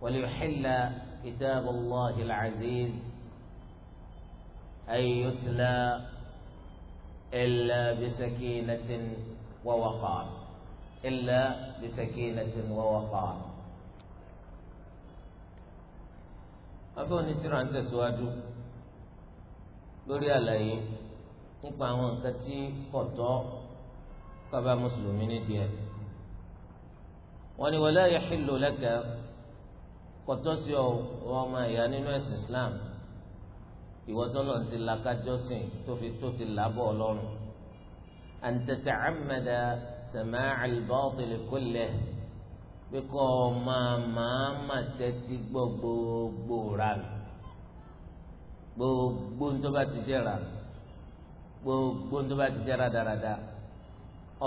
وليحل كتاب الله العزيز أن يتلى إلا بسكينة ووقار إلا بسكينة ووقار أبو نتر أنت سواد lórí àlàyé nípa àwọn nǹkan tí kò tọ́ kábà wọn ni wala yahillu laka kọtọ sí ọ wọn ọmọ ìyá nínú ẹsìn islam ìwọ tọlọ ti la kájọsìn tó fi tó ti làbọ ọlọ́run an tata'ammada sama'al batil kullih pé kọ́ ọ máa tẹ́tí gbọ́ gbogbo ra gbogbo ń tó bá ti jẹ́ra gbogbo ń tó bá ti jẹ́ra dáradára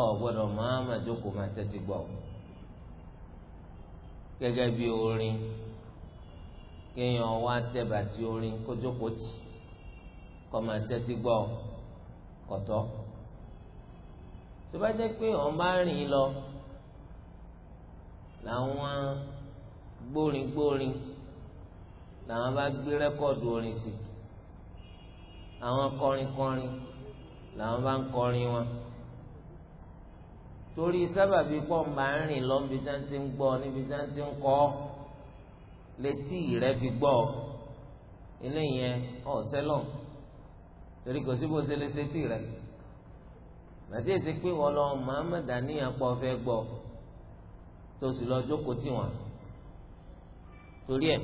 ọ̀ gbọ́dọ̀ máa jókòó máa tẹ́tí gbọ́ ọ gẹ́gẹ́ bí orin kéèyàn wá tẹ̀bà tí orin kójókòó tì kọ́ máa tẹ́tí gbọ́ kọ̀tọ́ tó bá jẹ́ pé òun bá rìn lọ làwọn gbóringbórin làwọn bá gbé rẹ́kọ̀dù orin sí àwọn kọrinkọrin làwọn bá ń kọrin wọn torí sábàbí pọ̀ máa ń rìn lọ níbi tí wọ́n ti ń gbọ́ níbi tí wọ́n ti ń kọ́ létí rẹ fi gbọ́ ilé yẹn ọ̀sẹ́ lọ torí kò sí bó ṣe lè ṣe tì rẹ nàti èsì pé wọ́n lọ Muhammed àníyàn pọ̀ fẹ́ gbọ́ tó sì lọ jókòó tì wọ́n torí ẹ̀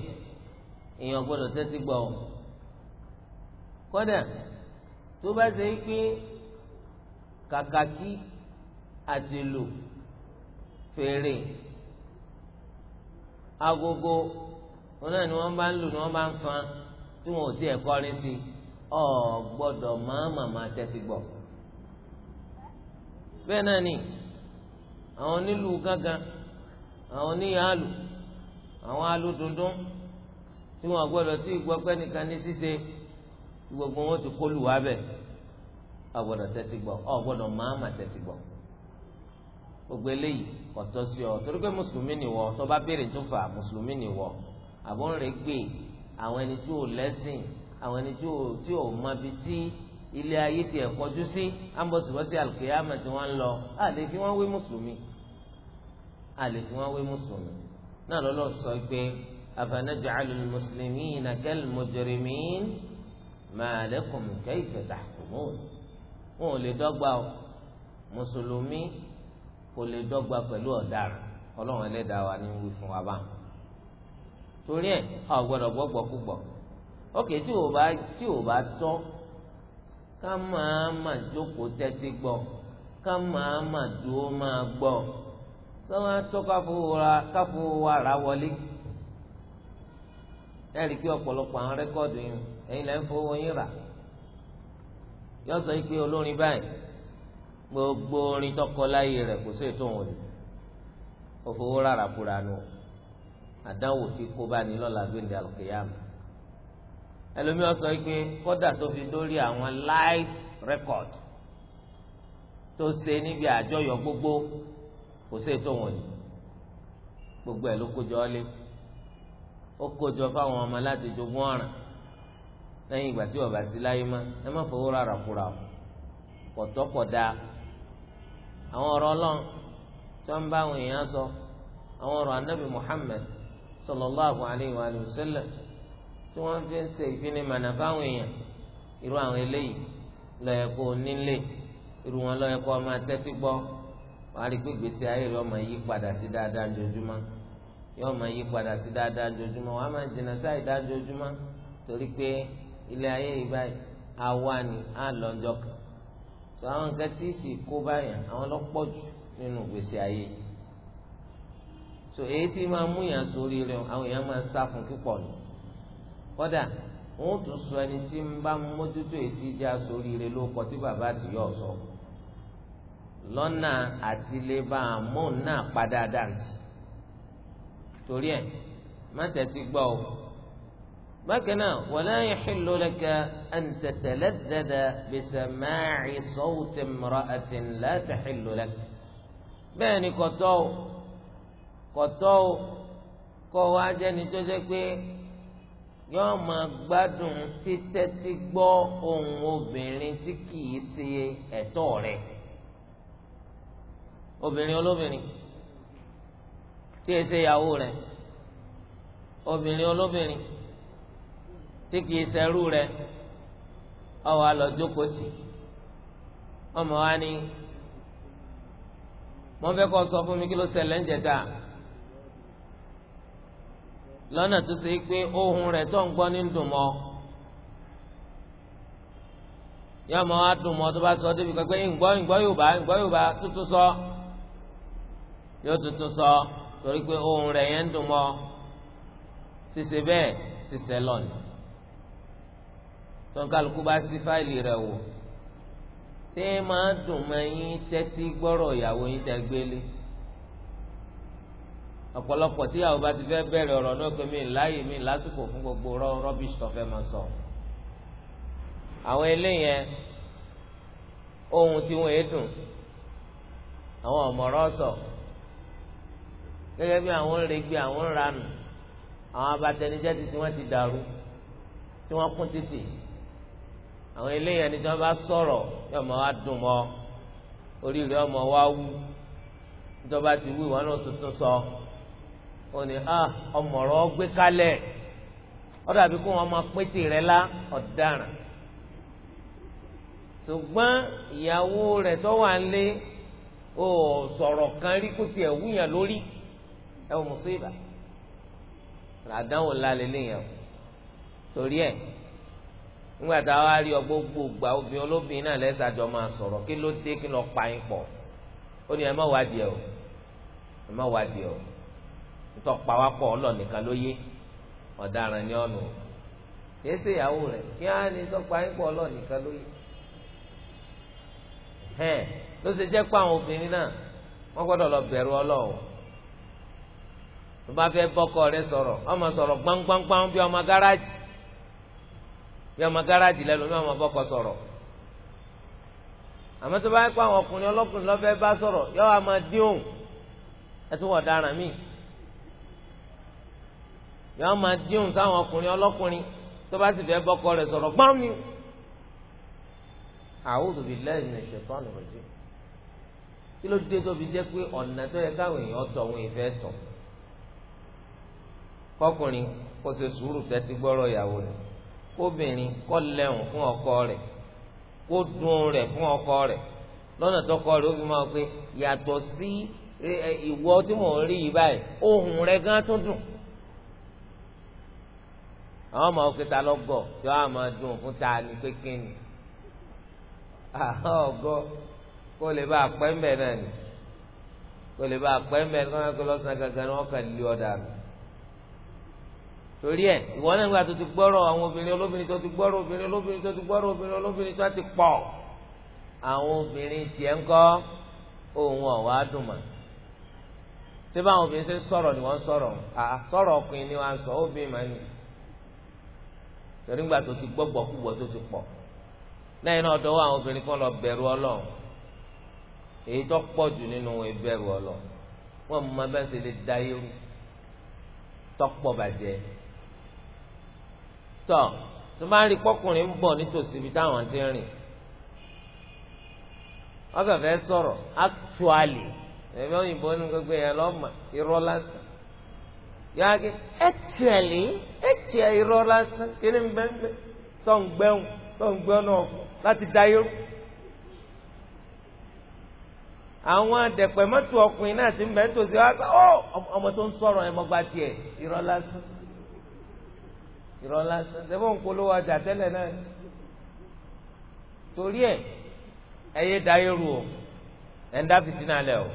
èèyàn gbọ́dọ̀ tẹ́tí gbọ́ ọ kódà tó bá ṣe pé kàkàkí àti lù fèrè agogo wọn náà ni wọn bá ń lù ni wọn bá ń fan tí wọn ò tiẹ̀ kọrin sí ọ gbọ́dọ̀ máa màmá tẹ́tí gbọ́ bẹ́ẹ̀ náà ni àwọn onílù gángan àwọn oníyàálù àwọn alùdùndún tí wọn gbọ́dọ̀ tí ìgbọ́ pé nìkan ní ṣíṣe gbogbo wọn ti kó lù wá bẹ ọ gbọ́dọ̀ tẹ́tí gbọ́ ọ gbọ́dọ̀ máa gbogbo eléyìí kò tọ́ sí ọ torí pé mùsùlùmí ni wọ tó bá béèrè tó fà mùsùlùmí ni wọ àbọ̀ ń rè gbé àwọn ẹni tí ò lẹ́sìn àwọn ẹni tí ò tí ò mọ ibi tí ilé ayé ti ẹ̀ kọjú sí ambọ̀sibọ́sí alùkìyàmà tí wọ́n ń lọ a fi wọ́n wé mùsùlùmí a fi wọ́n wé mùsùlùmí náà lọ́lọ́ sọ pé afanaj'alul muslimina kal mujrimin ma lakum kayfa tahkumun wọn ò lè dọ́gba mùsùlùmí kò lè dọ́gba pẹ̀lú ọ̀daràn ọlọ́run ẹlẹ́dàá wa ní wí fún wa bá torí ẹ̀ ọ̀ gbọ́dọ̀ gbọ́gbọ́ púpọ̀ ókè tí ò bá tí ò bá tọ́ ká máa mà jókòó tẹ́tí gbọ́ ká máa mà dúró máa gbọ́ sọ́wọ́n atọ́ káfọ́ wa rà wọlé ẹ̀rí pé ọ̀pọ̀lọpọ̀ àwọn rẹ́kọ́ọ̀dù yìí ẹ̀yin lẹ́ fowó yín rà yọ sọ pé olórin báyìí gbogbo orin tọkọ láyé rẹ̀ kò sí ètò òun rẹ̀ ó fowó rárá kúra nù àdánwò tí kó bá ní lọ́la gbẹ̀ndẹ̀ àlùkìyàmù ẹlòmíràn sọ pé kódà tó fi dórí àwọn live record tó ṣe níbi àjọyọ̀ gbogbo kò sí ètò òun rẹ̀ gbogbo ẹ̀ ló kójọ ọ́ lé ó kójọ fáwọn ọmọ láti jogún ọ̀ràn lẹ́yìn ìgbà tí bàbá sí láyé mọ́ ẹ má fowó rárá kúra o kọ̀tọ́kọ̀dá àwọn ọ̀rọ̀ ọlọ́run tí wọ́n ń bá àwọn èèyàn sọ àwọn ọ̀rọ̀ anábì Muhammad sallallahu alayhi wa sallam tí wọ́n fi ń ṣe ìfinimànà fáwọn èèyàn irú àwọn eléyìí lọ́yẹ̀ kó nílé irú wọn gbọ́ wàá rí ayé padà sí dáadáa yóò yí padà sí dáadáa wàá máa jìnnà sáì dáadáa torí pé ilé ayé sọ àwọn nǹkan tí sì kó báyàn àwọn lọ́pọ̀ jù nínú gbèsè ayé so èyí tí máa mú yàn sórí rẹ àwọn èèyàn máa sá fún kíkọ̀ nù kódà wọn ò tún sọ ẹni tí ń bá mójútó èyí tí já sórí rẹ lóko tí bàbá àti yọ sọ lọ́nà àtìlébà mọ́ọ̀n padà dáǹtì torí ẹ̀ má tẹ́tí gbọ́ o bákan náà wala yahillu laka an tataladhdha bi sama'i sawti imra'atin la tahillu laka bẹ́ẹ̀ ni kọ̀tọ́ o kọ̀tọ́ o kọ́ wa jẹ́ni tó jẹ́ pé yóò máa gbádùn títẹ́tí gbọ́ ohùn obìnrin tí kìí ṣe ẹ̀tọ́ rẹ̀ obìnrin olóbìnrin tí ì ṣe ìyàwó rẹ̀ obìnrin olóbìnrin. tí kìí ṣẹrú rẹ ọwọ alọ jókòó tì ọmọ wa ni mo fẹ́ kó sọ fún mi kí ló ṣẹlẹ̀ ń jẹta lọ́nà tó ṣe pé ohun rẹ̀ tó ń gbọ́ ní dùn mọ́ yọ ọmọ wa dùn mọ́ tó bá sọ débi pé ǹgbọ́ ǹgbọ́ Yorùbá ǹgbọ́ Yorùbá tuntun sọ yóò tuntun sọ torí pé ohun rẹ̀ yẹn ń dùn mọ́ ṣiṣẹ́ bẹ́ẹ̀ ṣiṣẹ́ lọ́nà. tó ń kálukú bá sí fáìlì rẹ̀ wò ṣé máa dùn mọ́ yín tẹ́tí gbọ́rọ̀ ìyàwó yín tẹ́ gbélé ọ̀pọ̀lọpọ̀ tíyàwó bá ti fẹ́ bẹ̀rẹ̀ ọ̀rọ̀ náà pé mi láàyè mi lásìkò fún gbogbo rọ́bìṣì tó fẹ́ máa sọ àwọn eléyẹn ohun tí wọ́n dùn àwọn ọ̀mọ̀rọ̀ sọ gẹ́gẹ́ bí àwọn rẹ̀gbẹ́ àwọn ranù àwọn abatẹnijẹ́ títí wọ́n ti dàrú tí wọ́n kún títì àwọn eléyàn ni tí wọ́n bá sọ̀rọ̀ yóò mọ wá dùn mọ́ oríire ọmọ wa wú nítorí bá ti wú ìwọ náà tuntun sọ ó ní à ọmọọ̀rọ̀ gbé kalẹ̀ ó dàbí kó wọn máa pété rẹ lá ọ̀daràn ṣùgbọ́n ìyàwó rẹ̀ tó wà ń lé ó sọ̀rọ̀ kan rí kó tiẹ̀ wúyàn lórí ẹ̀ ò mùsùlùmí àdánwò ńlá lélẹ́yìn torí ẹ̀ nígbà tá a wá rí ọgbó gbogbo obìnrin olóbìnrin náà lẹ́sà jọ máa sọ̀rọ̀ kí ló dé kí lọ pa yín pọ̀ ó ní ẹ má ẹ o ẹ má wádìí ẹ o nítorí pàwápọ̀ ọlọ́nìkan ló yé ọ̀daràn ní ọ̀nù kìí ìyàwó rẹ̀ kí á ní tọ́pa yín pọ̀ ló yé ló ṣe jẹ́ pé àwọn bí ọmọ gáràjì lẹ́nu ní ọmọ bọ́kọ sọ̀rọ̀ àmọ́ tó bá yẹ kó àwọn ọkùnrin ọlọ́kùnrin lọ́fẹ́ bá sọ̀rọ̀ yọ wá máa dín òun ẹ tún wọ̀ dára míì yọ wá máa dín òun sáwọn ọkùnrin ọlọ́kùnrin tó bá sì fẹ́ bọ́kọ rẹ̀ sọ̀rọ̀ ni mi. A'udhu billahi minash shaitani rajim kí ló dé tó fi jẹ́ pé ọ̀nà tó yẹ káwọn èèyàn tọ̀ wọn ìfẹ́ tọ̀ kọkùnrin kó ṣe sùúrù tẹ́tí gbọ́rọ̀ ìyàwó rẹ̀ kóbìnrin kó lẹ́hùn fún ọkọ rẹ̀ kó dùn rẹ̀ fún ọkọ rẹ̀ lọ́nà tọkọ rẹ̀ ó fi máa pé yàtọ̀ sí ìwọ tí mò ń rí yìí báyìí ohùn rẹ̀ gan tún dùn àwọn ọmọ òkúta lọ́gọ̀ tí wọ́n á máa dùn fún ta ni kékeré ni àwọn ọgọ́ kó lè bá a pẹ́ ń bẹ̀ náà ni kó lè bá a pẹ́ ń bẹ̀ náà kó lọ́sàn-án gangan ni wọ́n kàn lé ọ̀dà mi torí ẹ ìwọ náà nígbà tó ti gbọ́rọ̀ àwọn obìnrin olóbìnrin tó ti gbọ́rọ̀ obìnrin olóbìnrin tó ti gbọ́rọ̀ obìnrin olóbìnrin tó ti pọ̀ àwọn obìnrin tiẹ̀ ń kọ́ ohun ọ̀wá dùnmọ̀ tí báwọn obìnrin ṣe ń sọ̀rọ̀ ni wọ́n ń sọ̀rọ̀ sọ̀rọ̀ ọkùnrin ni wọ́n ń sọ obìnrin máa ń ní torí nígbà tó ti gbọ́gbọ́ kúgbọ́ tó ti pọ̀ lẹ́yìn náà dọ́wọ́ àwọn obìnrin kan lọ bẹ̀rù ọlọ́run èyí tó pọ̀ jù nínú ìbẹ̀rù ọlọ́run wọ́n mú ma bẹ́ẹ̀ ṣe lè dá irú tọ́pọ̀ bàjẹ́ tọ tó bá ń rí pọkùnrin ń bọ̀ nítòsí ibi táwọn ti ń rìn wọ́n kàn fẹ́ sọ̀rọ̀ actually òyìnbó ní gbogbo yẹn lọ́mọ irọ́ lásán yọ akẹ́ actually ẹ̀tìẹ̀ irọ́ lásán kí ni bẹ́ẹ̀ tó ń gbẹ́hùn ń náà láti irú. àwọn ọkùnrin náà ti irọ́ lásán ṣẹ́fọ́ ń polówó ọjà tẹ́lẹ̀ náà torí ẹ̀ ẹyẹ da irú o ẹ̀ ń dá fìtínà lẹ̀ o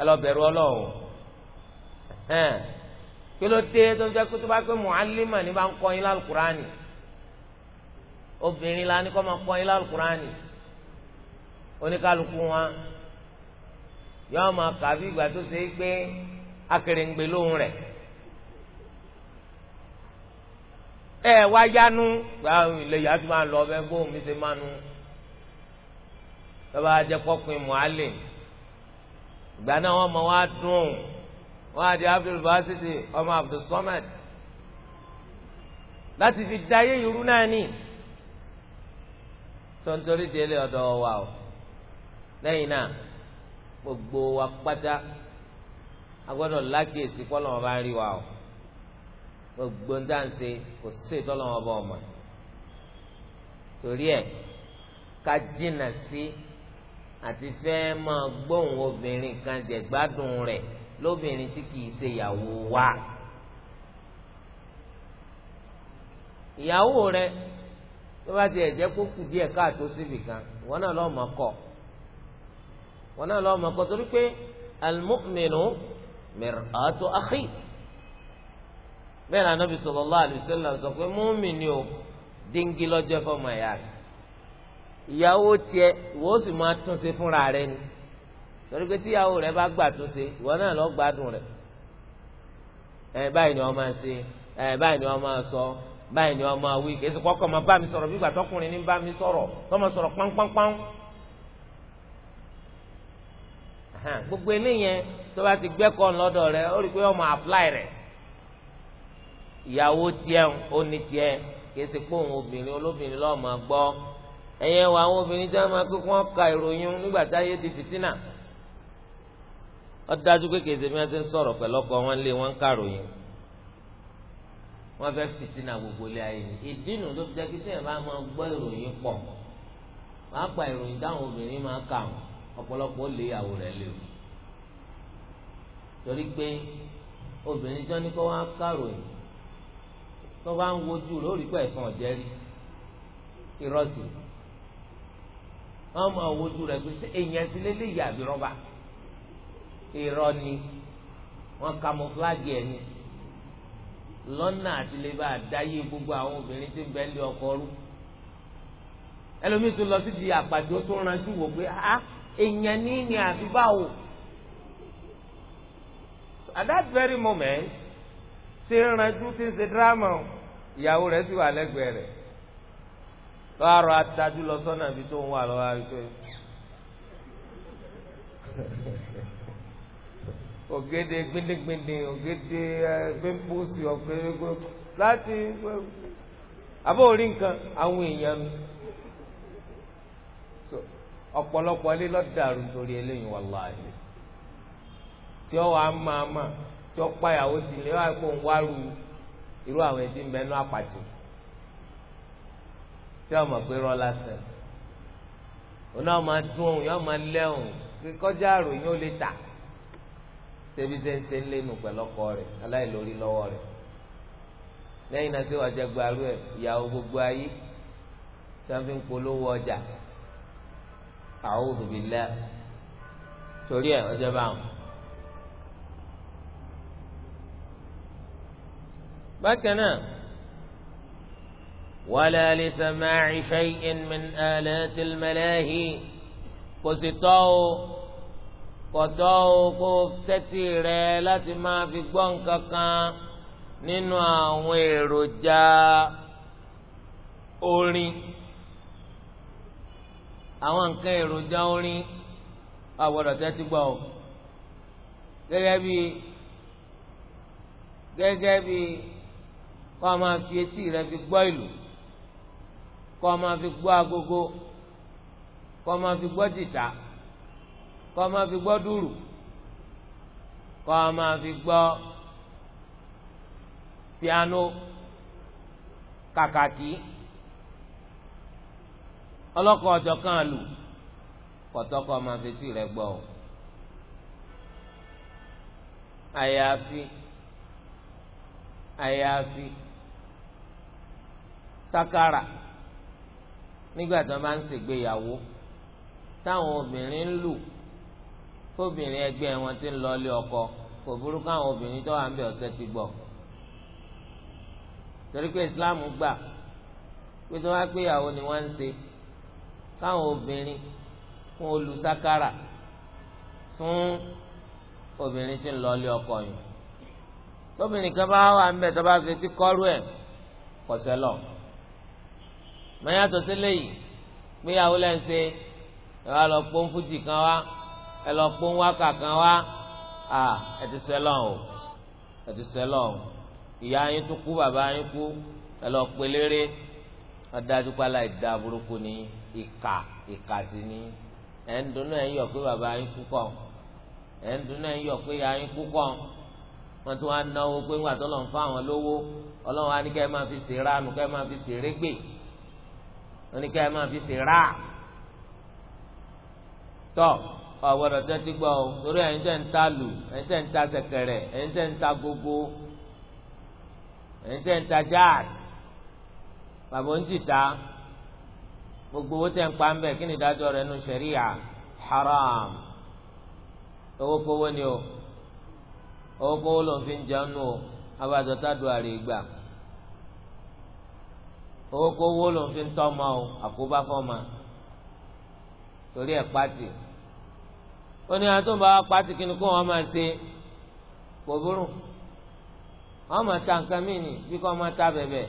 ẹ lọ bẹ̀rù ọlọ́run ẹ̀hẹ́n kí ló dé tó ń jẹ́ kó tó bá pé mùálímà ní bá ń kọ́ yín lálùkùránì obìnrin la ní kó máa kọ́ yín lálùkùránì oníkálukú wọn yọ́ọ́ máa kà ìgbà tó ṣe é gbé akèrèǹgbè lóhùn rẹ̀. ẹ wá yánu gbàrún ilé yàrá tí máa lọ ọbẹ bóun mi ṣe máa nu lọba jẹ kọkùn mọ́álẹ̀ ìgbà náà wọn mọ wá dùn wọn àti Abdul Basidi ọmọ Abdul Samad láti fi dayé irú náà ní tontori délé ọ̀dọ̀ wa o lẹ́yìn náà gbogbo wa pátá a lákèésí kọlọmọ bá ń rí wa o gbogbo ń dáǹse kò sí ìtọ́lọ́wọ́ bá ọmọ torí ẹ̀ ká jìnnà sí àti fẹ́ máa gbóhùn obìnrin kan jẹ̀gbádùn rẹ̀ lóbìnrin tí kìí ṣe ìyàwó wa ìyàwó rẹ̀ tó bá tiẹ̀ jẹ́ kó kù díẹ̀ káàtó síbì kan wọn náà lọ́ọ́ mọ̀ kọ́ wọn náà lọ́ọ́ mọ̀ kọ́ torí pé al-mu'minu mir'atu akhi bẹ́ẹ̀ náà Nabi sallallahu alaihi wasallam sọ pé mùmínì o díngí lọ́jọ́ fọmọ ẹ̀yà rẹ̀ ìyàwó tiẹ̀ ìwọ sì máa tún fúnra rẹ̀ ni torí pé tíyàwó rẹ̀ bá gbà tún ṣe ìwọ náà lọ gbádùn rẹ̀ ẹ báyìí ni wọ́n máa ṣe ẹ báyìí ni wọ́n máa sọ báyìí ni wọ́n máa wí kí ẹsùn kọ́kọ́ máa bá mi sọ̀rọ̀ bígbà tọkùnrin ní bá mi sọ̀rọ̀ tó máa sọ̀rọ̀ pánpánpán gbogbo eléyẹn tó bá ti gbẹ́kọ̀ọ́ lọ́dọ̀ rẹ̀ ó rí i pé wọ́n máa apply rẹ̀ ìyàwó tiẹ̀ ó ní tiẹ̀ kìí ṣe pé òun obìnrin olóbìnrin lọ́ọ́ máa gbọ́ ẹ̀yẹ wo àwọn obìnrin tí wọ́n máa pé wọ́n ka ìròyìn nígbà tá ayé ti fìtínà ó dájú pé kìí ṣe bí wọ́n ṣe ń sọ̀rọ̀ pẹ̀lú ọkọ wọn lé wọn ká ìròyìn wọ́n fẹ́ fìtínà gbogbo ilé ayé ni ìdínú ló fi jẹ́ kí sẹ́yìn bá máa gbọ́ ìròyìn pọ̀ máa pa ìròyìn táwọn obìnrin máa kà wọn ọ̀pọ̀lọpọ̀ lé ìyàwó rẹ̀ lé o torí pé obìnrin tí wọ́n ní kó wọ́n á kàròyìn tó bá ń wojú rẹ̀ ó rí pé ẹ̀fọn ọ̀jẹ́ rí ìrọsì wọn máa wojú rẹ̀ pé èèyàn ti lé léyìí àbí rọ́bà irọ́ ni wọn kamọ́fúlágì ẹ̀ ni lọ́nà àti lè bá àdáyé gbogbo àwọn obìnrin tí ń bẹ ní ọkọ rú ẹlòmíín tún lọ sí àpàtì ó tún ranjú wò pé ah èèyàn ní ní àbí báwo at that very moment tí ń ranjú tí ń ṣe dírámà o ìyàwó rẹ̀ sì wà lẹ́gbẹ̀ẹ́ rẹ̀ lọ́rọ̀ atajú lọ sọ́nà ibi tó ń wà lọ́wọ́ àgbẹ̀ ògèdè gbindigbindi ògèdè gbẹ́mbùsì ọ̀gbẹ́gbẹ́ láti àbọ̀ orí nǹkan àwọn èèyàn nu ọ̀pọ̀lọpọ̀ ilé lọ́dàrú torí eléyìí wàláhì tí ó wàá tí ó ìyàwó ti ní wàá kó ń wárú irú àwọn etí ń bẹ nú àpàtì tí ọmọ pé rọ lásán òun náà máa dún òun yóò máa òun lè tà ṣébi tẹ́ ń ṣe ń lẹ́nu pẹ̀lọ́kọ rẹ̀ aláìlórí lọ́wọ́ rẹ̀ lẹ́yìn náà wàá ẹ̀ ìyàwó gbogbo ayé tí wọ́n fi ń polówó ọjà torí ẹ̀ ọjọ́ bákan náà wala li sama'i shay'in min alatil malahi kò sì tọ́ o kò tọ́ o kó tẹ́tí rẹ láti máa fi gbọ́ nǹkan kan nínú àwọn èròjà orin àwọn nǹkan èròjà orin àwọ̀dọ̀ tẹ́tí gbọ́ o gẹ́gẹ́ bí gẹ́gẹ́ bí kọ́ ọ máa fi etí rẹ fi gbọ́ ìlú kọ́ ọ máa fi gbọ́ agogo kọ́ ọ máa fi gbọ́ jìtá kọ́ ọ máa fi gbọ́ dùrù kọ́ ọ máa fi gbọ́ piano kàkàkí ọlọ́kọ̀ ọjọ́ kan lù kọ́tọ́kọ́ máa fi etí rẹ gbọ́ ọ àyàfi àyàfi sakara nígbà tí wọ́n bá ń ṣègbéyàwó táwọn obìnrin ń lù fóbìnrin ẹgbẹ́ wọn ti ń lọlé ọkọ kò burú káwọn obìnrin tó wà ń bẹ ọ̀tẹ́ ti gbọ́ torí pé islam gbà pé tí wọ́n bá gbéyàwó ni wọ́n ń ṣe káwọn obìnrin fún olù sakara fún obìnrin tí ń lọlé ọkọ yìí tóbìnrin kan bá wà ń bẹ tó bá fi ti kọ́rú ẹ̀ kọ̀ṣẹ́ lọ mọ̀ yàtọ̀ sí léyìí gbéyàwó lẹ́ ń ṣe ẹ wá lọ pọ́n fújì kan wá ẹ lọ pọ́n wákà kan wá ẹ ti sẹ́lọ̀ o ẹ ti sẹ́lọ̀ o ìyá yín tó kú bàbá yín kú ẹ lọ pé léré ọdájú pálá ìdá burúkú ni ìkà ìkà sí ni ẹ ń dunnú ẹ ń yọ̀ pé bàbá yín kú kọ́ ẹ ń dunnú ẹ ń yọ̀ pé ìyá yín kú kọ́ wọn tún wá náwó pé ńgbà tó lọ ń fún àwọn lówó ọlọ́run á ní kẹ́ ẹ máa fi ṣèrànù kẹ́ ẹ máa fi ṣèrègbè oníkà ẹ máa fi ṣe rà tọ ọgbọdọ tẹ́tí gbọ́ o torí ẹ̀yin tẹ́ ń ta lù ẹ̀yin tẹ́ ń ta ṣẹ̀kẹ̀rẹ̀ ẹ̀yin tẹ́ ń ta gogo ẹ̀yin tẹ́ ń ta jazz bàbá ń tìta gbogbo owó tẹ́ ń pa ń bẹ kí ni ìdájọ́ rẹ̀ nù ṣẹ̀ríà haram owó kówó ni o owó kówó ló ń fi jẹun nù o abájọ tá a do àrè gbà owó kówó ló ń fi ń tọ́mọ o àkóbá fọ́mọ torí ẹ̀ pátì ó ní àtúntò bá pátì kí ni kó wọn máa ṣe kò burú wọn máa ta nǹkan mí ni bí kò wọn máa ta bẹ̀bẹ̀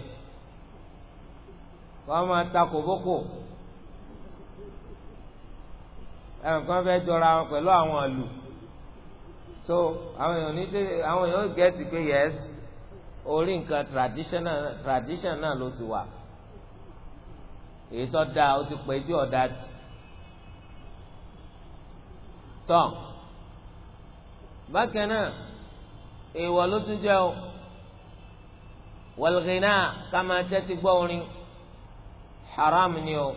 kò wọn máa ta kòbókò ẹnìkan fẹ́ jọra wọn pẹ̀lú àwọn àlù so àwọn èèyàn ní àwọn èèyàn gẹ̀ẹ́sì pé yẹ́sì orí nǹkan tradition náà ló sì wà èyí tó dáa ó ti pẹ́ tí ọ̀dà tì tọ́ bákan náà èèwọ̀ ló tún jẹ́ o wàlgínà ká máa tẹ́tí gbọ́ orin haram ni o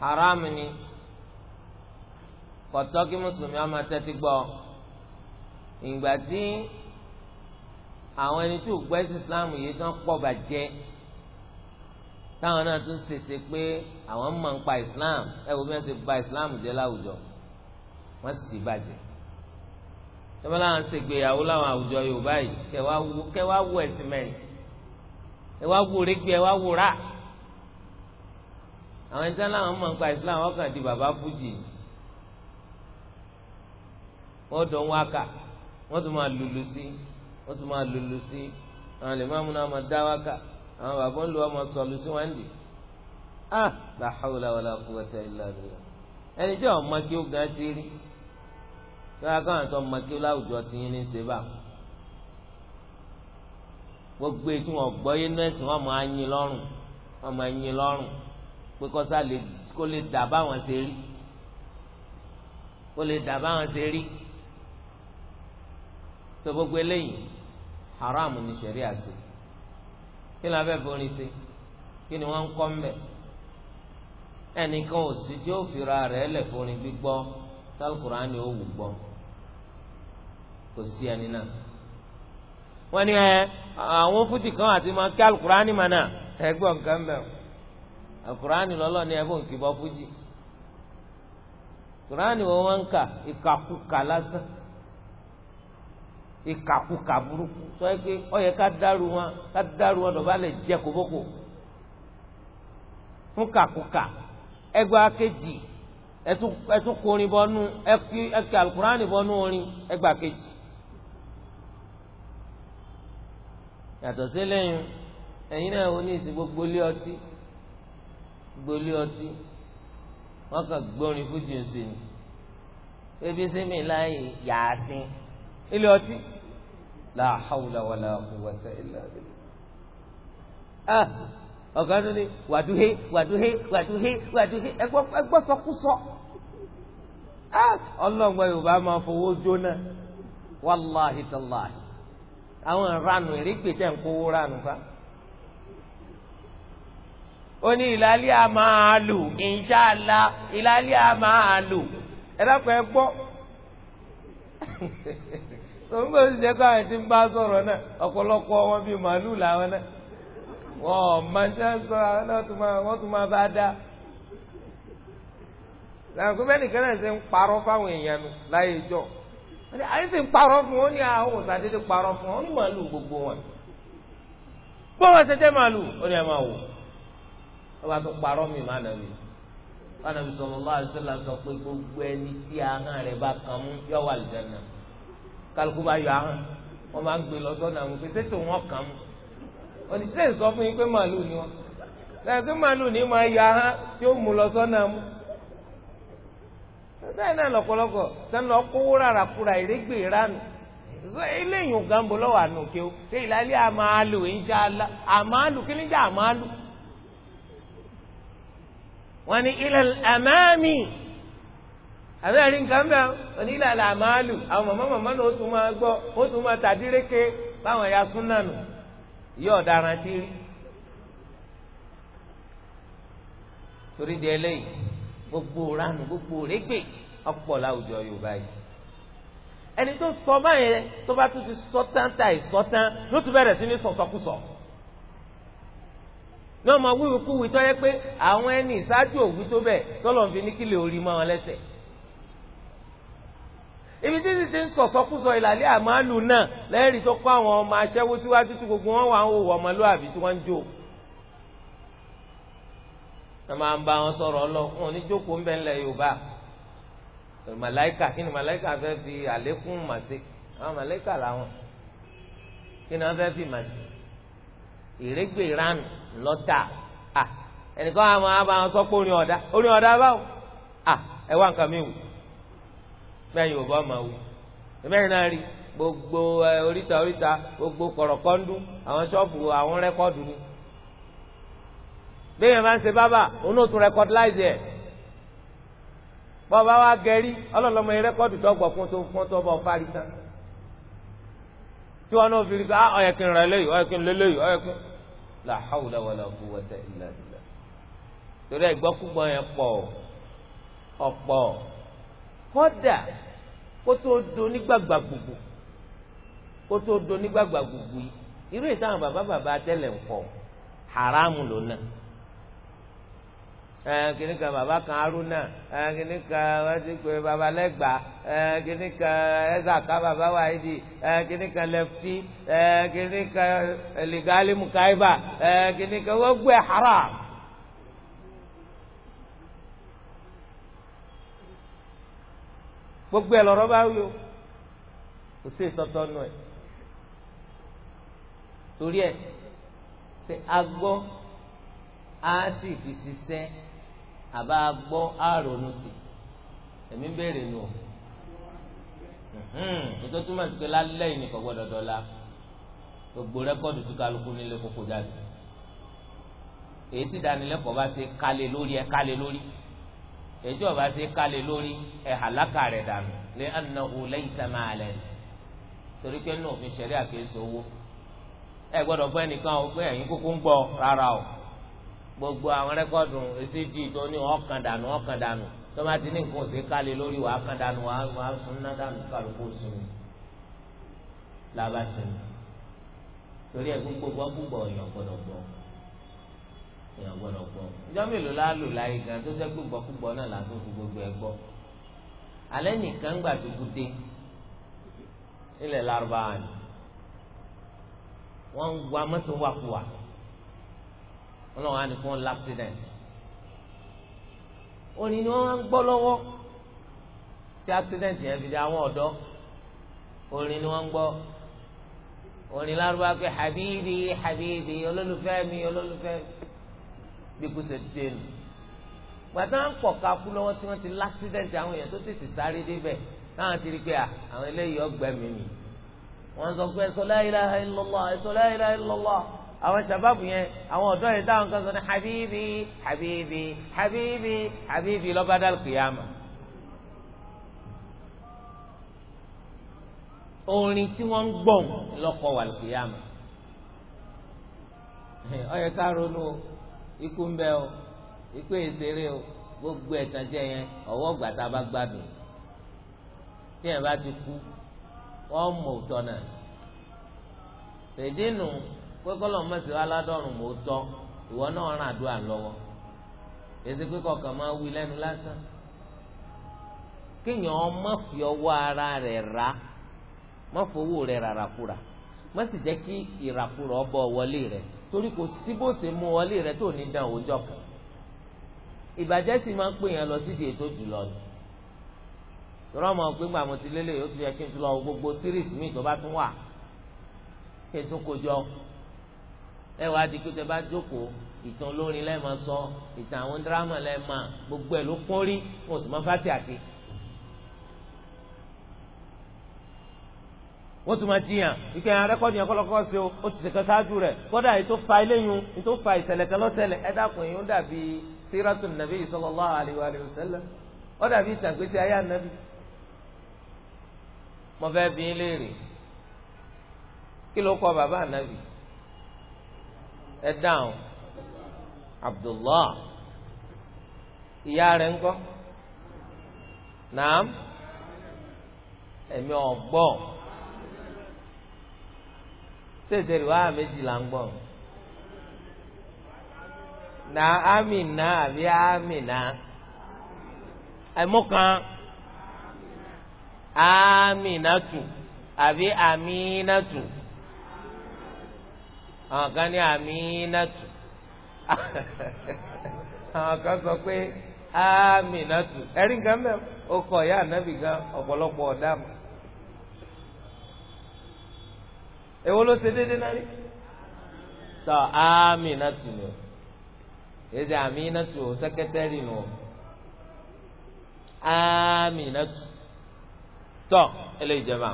haram ni kọ̀tọ́ kí mùsùlùmí á máa tẹ́tí gbọ́ ìgbà tí àwọn ẹni tí ò gbẹ́sì islam yìí tán pọ̀ bàjẹ́ táwọn náà tún ṣèṣe pé àwọn mọ̀ ń pa islam ẹ wo bí wọ́n ṣe ba islam jẹ́ láwùjọ wọ́n sì bàjẹ́ tẹ́wọ́n láwọn ṣe gbéyàwó láwọn àwùjọ yorùbá yìí kẹ́ wá wú ẹ̀sìn mẹ́rin ẹ wá wú orí gbé ẹ wá wú rà àwọn ẹni tí wọ́n mọ̀ ń pa islam wọ́n kàn di bàbá fújì wọ́n dùn wákà wọ́n tún máa lùlù sí wọ́n tún máa lùlù sí àwọn lè má múná máa dá wákà àwọn bàbá ń lu ọmọ sọlù sí wọn dì ah la hawla wala quwwata illa billah ẹni tí ọmọ kí ó gan ti rí kí wọn káwọn tó ọmọ kí ó láwùjọ ti yín ní í ṣe bá gbogbo etí wọn gbọ́ yé nọ́ọ̀sì wọn máa yin lọ́rùn wọn máa yin lọ́rùn pé kọ́sá kó lè dà báwọn ṣe rí kó lè dà báwọn ṣe rí tó gbogbo eléyìí haram ní ṣẹ̀ríà sí i. kí ni abẹ́ borin sí kí ni wọ́n ń kọ́ mbẹ́ ẹnìkan ò tí ó fira rẹ̀ lẹ̀ borin gbígbọ́ tálkùrán ni ó wù gbọ́ kò sí ẹni náà wọ́n ní ẹ àwọn fúti kan àti máa kí alukùránì máa nà ẹgbọ́n nǹkan mbẹ́ o alukùránì lọ́lọ́ ni bọ́ ń kà ìkàkùkà lásán. ìkàkùkà burúkú tó yẹ pé ó yẹ ká dárú wọn ká dárú wọn dọ̀bálẹ̀ jẹ́ kóbókò fún kàkùkà ẹgbẹ́ akéjì ẹtún kọrin bọ́nú ẹkí alukurani bọ́nú orin ẹgbẹ́ akéjì. yàtọ̀ sí lẹ́yìn ẹ̀yin náà wọ́n ní ìsìn gbogbo lé ọtí gbogbo lé ọtí wọ́n kàn gbọ́rin fújì ń sè ní ebi sí láàyè yàá sí ilé ọtí la hawla wala quwwata illa billah. ah ọ̀gá ló ní wàdúhé wàdúhé wàdúhé wàdúhé ẹgbọ́ sọkúsọ. ah ọlọ́ngbọ́n yorùbá máa fowó jóná wàláhi tàláhi àwọn ìranù ìrígbè tẹ̀ ń kówó ranù fa ó ní ìlàlí à máa lù ìnṣàlá ìlàlí à máa lù ẹ dákun ẹ gbọ́ tó ń gbọ́dọ̀ jẹ́ pé àwọn ti ń bá sọ̀rọ̀ náà ọ̀pọ̀lọpọ̀ wọn bíi màálù làwọn náà wọn ò máa ń ṣe ń sọ àwọn náà wọ́n tún máa bá dá. làwọn nìkan náà ṣe ń láyé ìjọ àyè ti ń parọ́ fún wọn ní àwọn parọ́ fún wọn ní gbogbo wọn. bó wọn ṣe jẹ́ ó ní ẹ máa wò ó bá tún parọ́ mi nàbí sọ pé gbogbo ẹni tí bá kàn mú yọ kálukú bá yọ ahọ́n wọ́n máa ń gbé lọ sọ́nà àwọn pé tètè wọn kàn mú òní tẹ̀ sọ fún yín pé màálù ni wọn lẹ́yìn pé màálù ni máa yọ ahọ́n tí ó mú lọ sọ́nà mú sẹ́yìn náà lọ́pọ̀lọpọ̀ sẹ́yìn lọ rárá kúra ìrégbè ránù eléyìí ògá ń bọ̀ lọ́wọ́ àná òkè o ṣé ìlàlẹ́ àmàlù ìṣàlá àmàlù kí ni jẹ́ àmàlù wọ́n ní ilẹ̀ àmàmì àbẹ́rẹ́ nǹkan mẹ́ onílàlà màálù àwọn màmá màmá náà ó tún máa gbọ́ ó tún máa tàdíréke báwọn ya sún náà nù yí ọ̀daràn ti rí torí di eléyìí gbogbo ránù gbogbo rẹ́gbẹ̀ ọ̀pọ̀ láwùjọ Yorùbá yìí ẹni tó sọ báyẹn tó bá tún ti sọtán ta ìsọtán ló tún bẹ̀rẹ̀ sí ní sọ̀tọ̀kùsọ̀ náà máa wíwí yẹ pé àwọn ẹni ìṣáájú òwú tó bẹ̀ tọ́lọ̀ ń fi ní kílè orí mọ́ wọn lẹ́sẹ̀ẹ́ ibi tí ti ti ń sọ̀sọ́kúsọ ìlàlẹ́ àmàlù náà lẹ́rìí tó kọ́ àwọn ọmọ aṣẹ́wó síwájú tí gbogbo wọn wà ń wò wọ́n ọmọlúwàbí tí wọ́n ń jò. wọ́n máa ń bá wọn sọ̀rọ̀ ọlọ́kùn oníjókòó ńbẹ́ ńlẹ̀ yorùbá màláìkà kí ni màláìkà fẹ́ fi àlékún màsí àwọn màláìkà làwọn kí ni wọ́n fẹ́ fi màsí ìrégbè ránù lọ́tà ẹnìkan àwọn abáwọn sọ pé orin ọ̀dà orin ọ̀dà báwo ẹ wá nǹkan mi wò bẹ́ẹ̀ Yorùbá máa wù bẹ́ẹ̀ náà rí gbogbo oríta oríta gbogbo kọ̀rọ̀kọ́ndú àwọn ṣọ́ọ̀bù àwọn rẹ́kọ́dù ni bẹ́ẹ̀ máa ń ṣe bábà òun náà tún rẹ́kọ́díláìsì ẹ̀ bọ́ọ̀bá wa gẹ̀rí ọlọ́lọ́mọ yẹn rẹ́kọ́dù tó gbọ̀ kún tó kún tó bọ̀ parí tán tí wọn náà fi rí ká ọ̀yẹ̀kìn ah, rẹ̀ lẹ́yìn ọ̀yẹ̀kìn lẹ́lẹ́yìn ọ̀yẹ̀kìn la hawla wala quwwata illa billah torí ẹ̀gbọ́kúgbọ́ yẹn pọ̀ ọ̀pọ̀ kọ́dà kó tó do nígbàgbà gbogbo kó tó do nígbàgbà gbogbo yìí irú ìtàn bàbá bàbá tẹ́lẹ̀ ń kọ́ haramu lónà kìnnì kan bàbá kan arúnà kìnnì kan wájú pé bàbá lẹ́gbà kìnnì kan ẹ̀zàká bàbá wáyédi kìnnì kan lẹ́fítì kìnnì kan ẹ̀lìgálímù káíbà kìnnì kan wọ́n gbé gbogbo ẹ lọ́rọ̀ bá wí o kò sí ìtọ́tọ́ nù ẹ̀ torí ẹ̀ ṣe agbọ́ á sì fi ṣiṣẹ́ àbá agbọ́ á ronú sí ẹ̀mí béèrè nù o nítorí túmọ̀ sí pé lálẹ́ yìí nìkan gbọ́dọ̀ dọ́là gbogbo rẹ́kọ́dù tó kálukú nílé kókó jáde èyí tí ìdánilẹ́kọ̀ọ́ bá ti kálé lórí ẹ̀ kálé lórí. E ètò ọba ṣe kálẹ̀ lórí ẹ̀hà lákàrẹ̀ dànù lé àná òòlẹ̀ torí pé nínú òfin owó ẹ gbọ́dọ̀ o pé ẹ̀yin kúkú ń gbọ́ rárá o gbogbo àwọn tó ní dànù dànù tó bá ti ní nǹkan kálẹ̀ lórí wàá dànù wàá sùn ná èèyàn gbọ́dọ̀ gbọ́ ìjọ mélòó la lò láyé gan tó jẹ́ gbogbo gbọ́ náà la tó fi gbogbo ẹ gbọ́ alẹ́ nìkan gbà tó kú dé ilẹ̀ Lárúbáwá ni wọ́n ń wa mọ́tò wàkúwà wọ́n lọ́wọ́ á ní kí wọ́n l'accident òní ni wọ́n ń gbọ́ lọ́wọ́ tí accident yẹn fi di àwọn ọ̀dọ́ orin ni wọ́n ń gbọ́ orin lárúbá pé habibi habibi olólùfẹ́ mi olólùfẹ́ mi bí kò ṣe dé nù gbàtà ń pọ̀ kakú lọ́wọ́ tí wọ́n ti láksidẹ̀ntì àwọn èèyàn tó tètè sáré débẹ̀ táwọn ti rí pé ah, àwọn eléyìí ọgbẹ́mi mi wọ́n sọ pé ẹ̀sọ́ la ilaha illallah ẹ̀sọ́ la ilaha illallah àwọn sàbàbù yẹn àwọn ọ̀dọ́ yẹn táwọn kan sọ ní habibi habibi habibi habibi lọ́ba dàl kìyàmà. orin tí wọ́n ń gbọ̀n lọ́kọ̀ wà lọ́kìyàmà ọ̀yẹ̀ká ronú o. ikú ń bẹ o ikú ìṣeré o gbogbo ẹ̀tàn yẹn ọwọ́ ọgbà bá gbádùn tí bá ti kú wọ́n mọ̀ náà tèdínù kókólọ̀ mọ̀síwá aládọ́rùn mọ̀ ìwọ náà ràn àdúrà lọ́wọ́ èsì kíkọ́ kan máa wí lẹ́nu lásán ara rẹ̀ ra rẹ̀ jẹ́ torí kò sí bó ṣe mú wọlé rẹ tó ní dán òjọ kan ìbàjẹ́ sì máa ń pè yẹn lọ sídìí ètò jùlọ ni rọmọ pé gbà mo ti lélẹ̀ yóò tún yẹ kí n tún lọ gbogbo series mi tó bá tún wà kí n tún kojọ ẹ wá di pé bá jókòó ìtàn olórin lẹ́ẹ̀ sọ ìtàn àwọn dírámà lẹ́ẹ̀ gbogbo ẹ̀ ló kún rí wọn sì máa fàtì àti. wọ́n tún máa jiyàn ike ẹ̀ rẹ́kọ́dì yẹn kọ́lọ́kọ́ ṣe o ó ti ṣèkan ṣáájú rẹ̀ kódà èyí fa eléyìí èyí fa ìṣẹ̀lẹ̀ kan lọ́tẹ̀lẹ̀ ẹ dákun ó dàbí sírátù nàbí sallallahu alaihi wa sallam ó dàbí ìtàgbésí ayé ànábì. mo fẹ́ bí léèrè kí ló kọ bàbá ànábì ẹ dáhùn Abdullah ṣèṣe rí wàhálà méjì là ń gbọ́ na amina àbí amina ẹ̀mọ́kan aminatu àbí aminatu àwọn kan ní aminatu àwọn kan sọ pé aminatu ẹ̀rí nǹkan mẹ́rin ó kọ̀ ya ànábì gan ọ̀pọ̀lọpọ̀ ọ̀dà mọ́. èwo ló ṣe déédéé náà rí tọ àmì náà tù ní o èsì àmì náà tù ó sẹkẹtẹrì nù o àmì náà tù tọ eléyìí jẹba.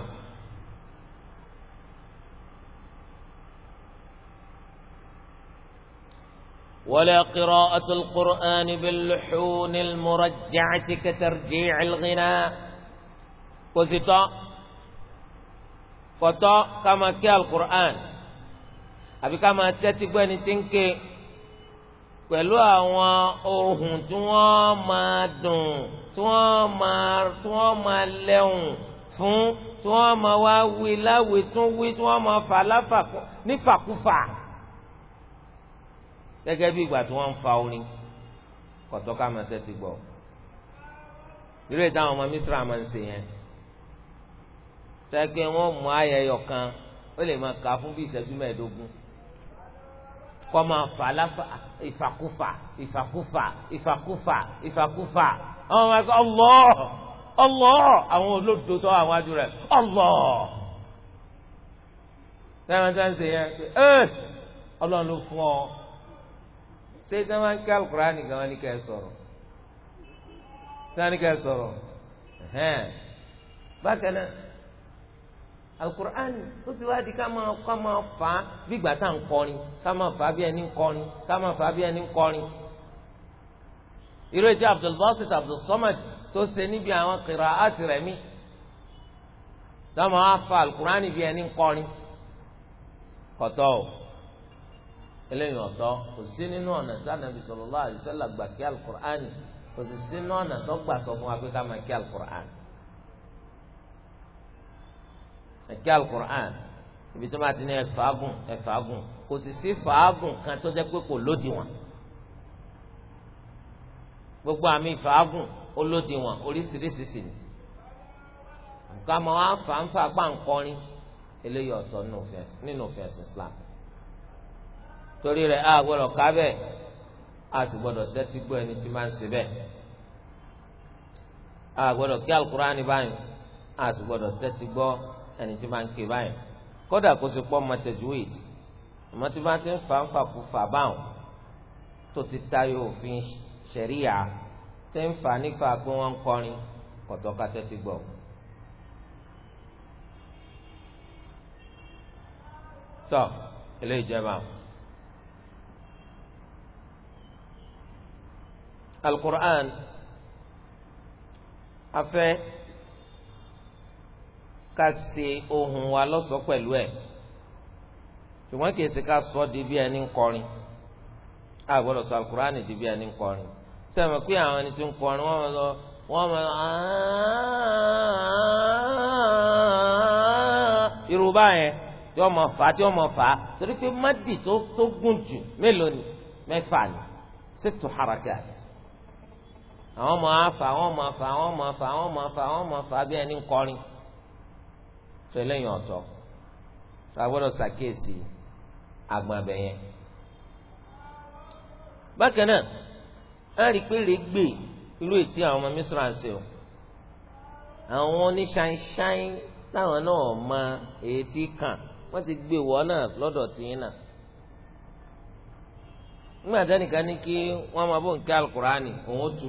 ولا قراءة القرآن باللحون المرجعة كترجيع الغناء قزطاء kọtọ kama máa ké alukur'an àbí kama máa tẹ́tí gbọ́ ẹni tí ń ké pẹ̀lú àwọn ohun tí wọ́n máa dùn tí wọ́n máa tí wọ́n máa lẹ́hùn fún tí wọ́n máa wá wí láwí tún wí tí wọ́n máa fà láfà nífàkúfà gẹ́gẹ́ bí ìgbà tí wọ́n ń fa orin kọ̀tọ́ ká máa tẹ́tí gbọ́ irú ìdáhùn ọmọ mísírà máa ń ṣe yẹn tẹ́gbẹ́ wọn mú ayẹyọ kan ó lè máa kà fún bí ìṣẹ́jú mẹ́ẹ̀ẹ́dógún kọ́ máa fà láfà ìfàkúfà ìfàkúfà ìfàkúfà ìfàkúfà àwọn ọmọ ẹgbẹ́ Allah Allah àwọn olódo tó àwọn adùn rẹ̀ Allah sẹ́wọ́n tá ń ṣe yẹn ẹ́ eh, ọlọ́run ló fún ọ ṣé kí wọ́n ká Al-Qur'an nìkan wọn ní kẹ́ ẹ sọ̀rọ̀ sani kẹ́ ẹ sọ̀rọ̀ bákan náà alukur'an ó sì wáá di ká máa ká máa fà á bí ìgbà tá à ń kọrin ká máa fà á bí ẹni ń kọrin ká máa fà á bí ẹni ń kọrin. irú ètò abdulbasit abdulsamad tó ṣe níbi àwọn kìrà àti rẹ̀ mí tá máa fa alukur'an bí ẹni ń kọrin kọ̀tọ́ o eléyìí ọ̀tọ̀ kò sí nínú ọ̀nà tí anabi sallallahu alaihi wasallam gbà kí alukur'an kò sì sí nínú ọ̀nà tó gbà sọ fún wa pé ká máa kí alukur'an. ẹ̀kẹ́ alukur'an ibi tó máa ti ní ẹ̀fàágùn ẹ̀fàágùn kò sì sí fàágùn kan tó jẹ́ pé kò lódiwọ̀n gbogbo àmì fàágùn ó lódiwọ̀n oríṣiríṣi sì ni nǹkan mọ́ wá fàǹfà pàǹkọrin eléyìí ọ̀tọ̀ nínú òfin ẹ̀sìn Islam torí rẹ̀ a gbọ́dọ̀ ká bẹ́ẹ̀ a sì gbọ́dọ̀ tẹ́tí gbọ́ ẹni tí máa ń ṣe bẹ́ẹ̀ a gbọ́dọ̀ kí alukur'an báyìí a sì gbọ́dọ̀ tẹ́tí gbọ́ ẹni tí máa ń ké báyìí kódà kó sì pọ́ ọmọ tajwid ọmọ tí bá ti ń fà ń fà kú fà báwọn tó ti tayọ òfin ṣẹ̀ríyà tí ń fà nípa pé wọ́n ń kọrin kọ̀tọ́ka tẹ́tí gbọ́. tọ́ ilé ìjọba alukur'an afẹ́ ká ṣe ohun wa lọ́sọ̀ọ́ pẹ̀lú ẹ̀ ṣùgbọ́n kì í ṣe ká sọ di bí ẹni ń kọrin a gbọ́dọ̀ sọ alukurani di bí ẹni ń kọrin sẹ́mi pé àwọn ẹni tí ń kọrin wọ́n lọ wọ́n máa lọ yẹn tí wọ́n máa fà tí wọ́n máa fà torí pé mádì tó gùn jù mélòó ni mẹ́fà ni sètò harakat àwọn máa fà àwọn máa fà àwọn máa fà àwọn máa fà bí ẹni ń kọrin. tó eléyìí ọtọ tó a gbọ́dọ̀ ṣàkíyèsí àgbọn abẹ yẹn. bákan náà a rí pé rè irú ètí àwọn ọmọ Mísírà ń ṣe o àwọn oníṣáínṣáín táwọn náà mọ èyí tí kàn ti gbé wọ́ náà lọ́dọ̀ tìyín náà nígbà tí ẹnìkan ní kí máa nǹkan òun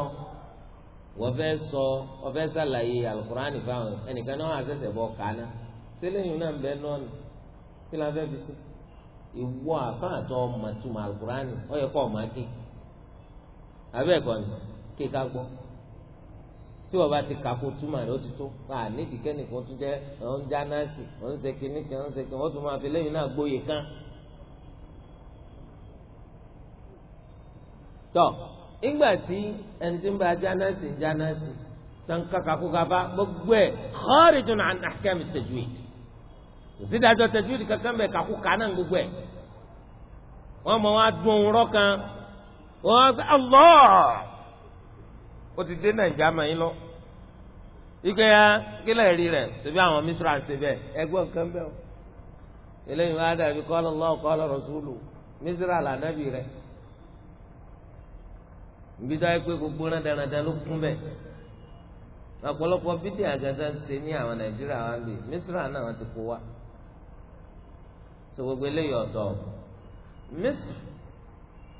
ó wọ́n fẹ́ sọ wọ́n fẹ́ sàlàyé alukurani fáwọn ẹnìkan náà àṣẹ̀ṣẹ̀ bọ̀ kánà sẹ́lẹ̀yìn náà ń bẹ nọ́ọ̀nù kí la fẹ́ fi sí ìwọ àfáàtọ̀ màtúmọ̀ alukurani ó yẹ ọ̀ma ni kéka gbọ́ tí wọ́n bá ti kakó túmọ̀ ti tó tún jẹ́ ṣe kan ṣe wọ́n tún máa fi kan. ìgbà tí ẹni tí ń bá jánásì jánásì tán kàkàkùkàbá gbogbo ẹ̀ kharijun an ahkam tajwid òsídàájọ́ tajwid kankan bẹ̀ kàkùkà náà gbogbo ẹ̀ wọ́n mọ̀ wá dún òun rọ́ kan wọ́n sọ Allah ó ti dé nàìjíríà mọ̀ yín lọ ike ya ah, kílẹ̀ rí rẹ̀ ṣebí àwọn misra ṣe bẹ́ẹ̀ ẹgbọ́n bẹ́ẹ̀ o eléyìí wá dàbí qala Allah qala rasulu misra lànàbì rẹ̀ ibi tó yẹ pé gbogbo rán dáradára ló kún bẹ́ẹ̀ ọ̀pọ̀lọpọ̀ bídì àgàdà ṣe ní àwọn nàìjíríà wọn bíi misra náà wọn ti kó wa tó gbogbo eléyìí ọ̀dọ́ misra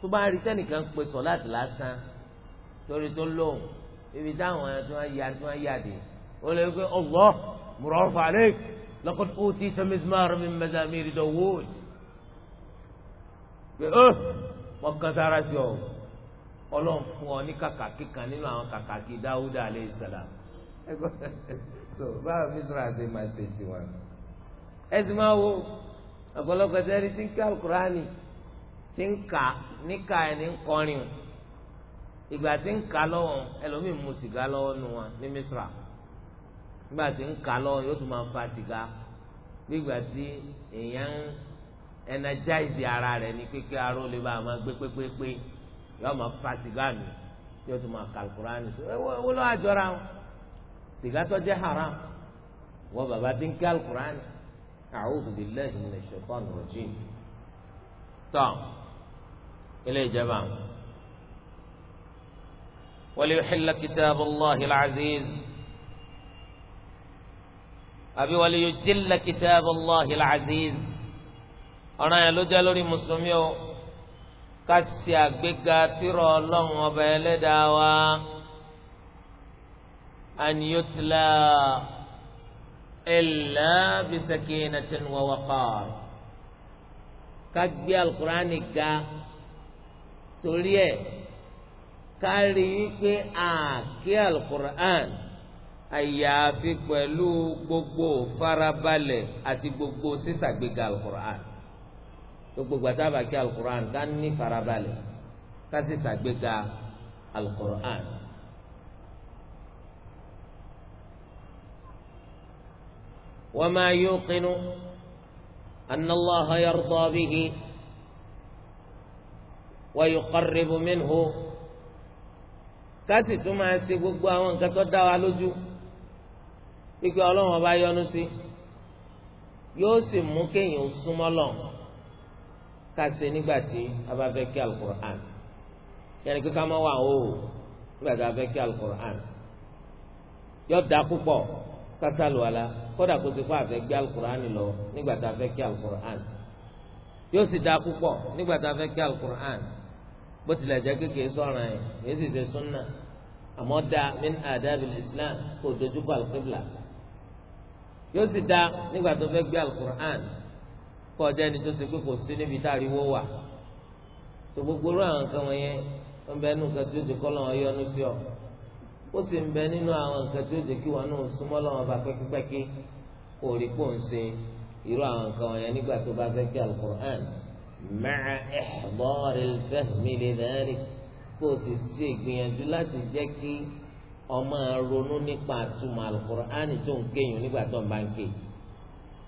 tó bá rí tẹ́nìkan pè sọ láti lásán torí tó lóhùn ibi táwọn ẹ̀ tí wọ́n ya tí wọ́n yàdé ó lè pé Allah mùrọ̀fà lẹ́k laqad utita mizmar min mazamir Dawud pé ọ́ wọ́n sára sí ọ. ọlọ́run fún ọ ní kàkà kíkan nínú àwọn kàkà kí dáúdà alayhi so báwo misra ṣe máa ṣe tiwọn ẹ sì máa wo ọ̀pọ̀lọpọ̀ sẹ́ni tí ń ká alukurani tí ń kà níka ẹ̀ kọrin ìgbà tí ń kà sìgá lọ́wọ́ nu wọn ní misra ìgbà tí yóò tún máa fa sìgá tí èèyàn ara rẹ ní yóò máa fa sìgá mi yóò tún máa kàlùkùrá ni so ẹ wọ́n lọ́wọ́ àjọra wọn sìgá tó jẹ́ haram wọ́n bàbá ti ń kàlùkùrá ni a'udhu billahi minash shaitanir rajim tọ́ ilé ìjọba wal yuhilla kitaballahi al-aziz àbí wal yujilla kitaballahi al-aziz ọ̀ràn yẹn ló jẹ́ lórí mùsùlùmí o kasi àgbéga tírà ọlọ́run ọba ẹlẹ́dàá wa aniyotila ẹlẹ bisakinatin wa waqar kagbé alukurani ga torí ẹ kárí wípé àáké alukur'an àyàfi pẹ̀lú gbogbo farabalẹ̀ àti gbogbo sísàgbéga alukur'an gbogbo gbàtàbà kí alukur'an ká ní farabalẹ̀ ká sì ṣàgbéga alukur'an. وما يوقن أن الله يرضى به ويقرب منه ká sì tún máa ṣe gbogbo àwọn nǹkan tó dá wa lójú pípé ọlọ́run ọba yọ́nú sí yóò sì mú kéèyàn súnmọ́ lọ́hùn ká ṣe nígbà tí a bá fẹ́ kí alukur'an yẹnni pé ká má wà ó nígbà tí a fẹ́ kí alukur'an yọ da púpọ̀ ká sálùwàlá kódà kó sì fún àfẹ́ gbé alukur'an lọ nígbà tá a fẹ́ kí alukur'an yóò sì da púpọ̀ nígbà tá a fẹ́ kí alukur'an bó kékeré sọ̀rọ̀ yẹn kìí sì súnà àmọ́ da min adabil islam kò dojú kọ alukibla yóò da nígbà tó fẹ́ alukur'an kọjá ẹni tó ṣe pé kò sí níbi táàríwó wà tó gbogbo rú àwọn nǹkan wọ̀nyẹn ń bẹ nínú nǹkan tí ó di kọ́ lọ́wọ́ yọnu sí ọ ó sì ń bẹ nínú àwọn nǹkan tí ó di kí wọn náà súnmọ́ lọ́wọ́ bá pẹ́kípẹ́kí kò rí kó ń ṣe irú àwọn nǹkan wọ̀nyẹn nígbà tó bá fẹ́ kí alukur'an ma'a ihdari al-fahmi li dhalik kó sì ṣe ìgbìyànjú láti jẹ́ kí ọmọ ronú nípa àtúmọ̀ alukur'an tó ń kéyìn nígbà tó ń bá ń kéyìn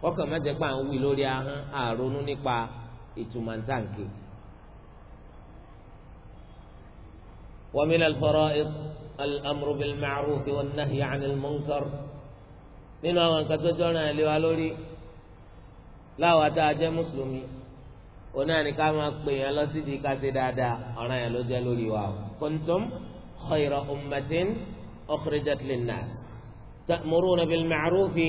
kọ́kàn mẹ́jẹ̀ pé à ń wí lórí ahọ́n àrònú nípa ìtumọ̀ ntànkì. wa min al-fara'id al-amru bil-ma'ruf wan-nahyi 'anil munkar nínú àwọn nǹkan tó jọ́ràn ẹ̀ lé wa lórí láwa tá a jẹ́ mùsùlùmí oní àníká máa pè yẹn lọ sí di ká ṣe dáadáa ọ̀ràn yẹn ló jẹ́ lórí wa o. kuntum khayra ummatin ukhrijat lin ta'muruna bil-ma'rufi.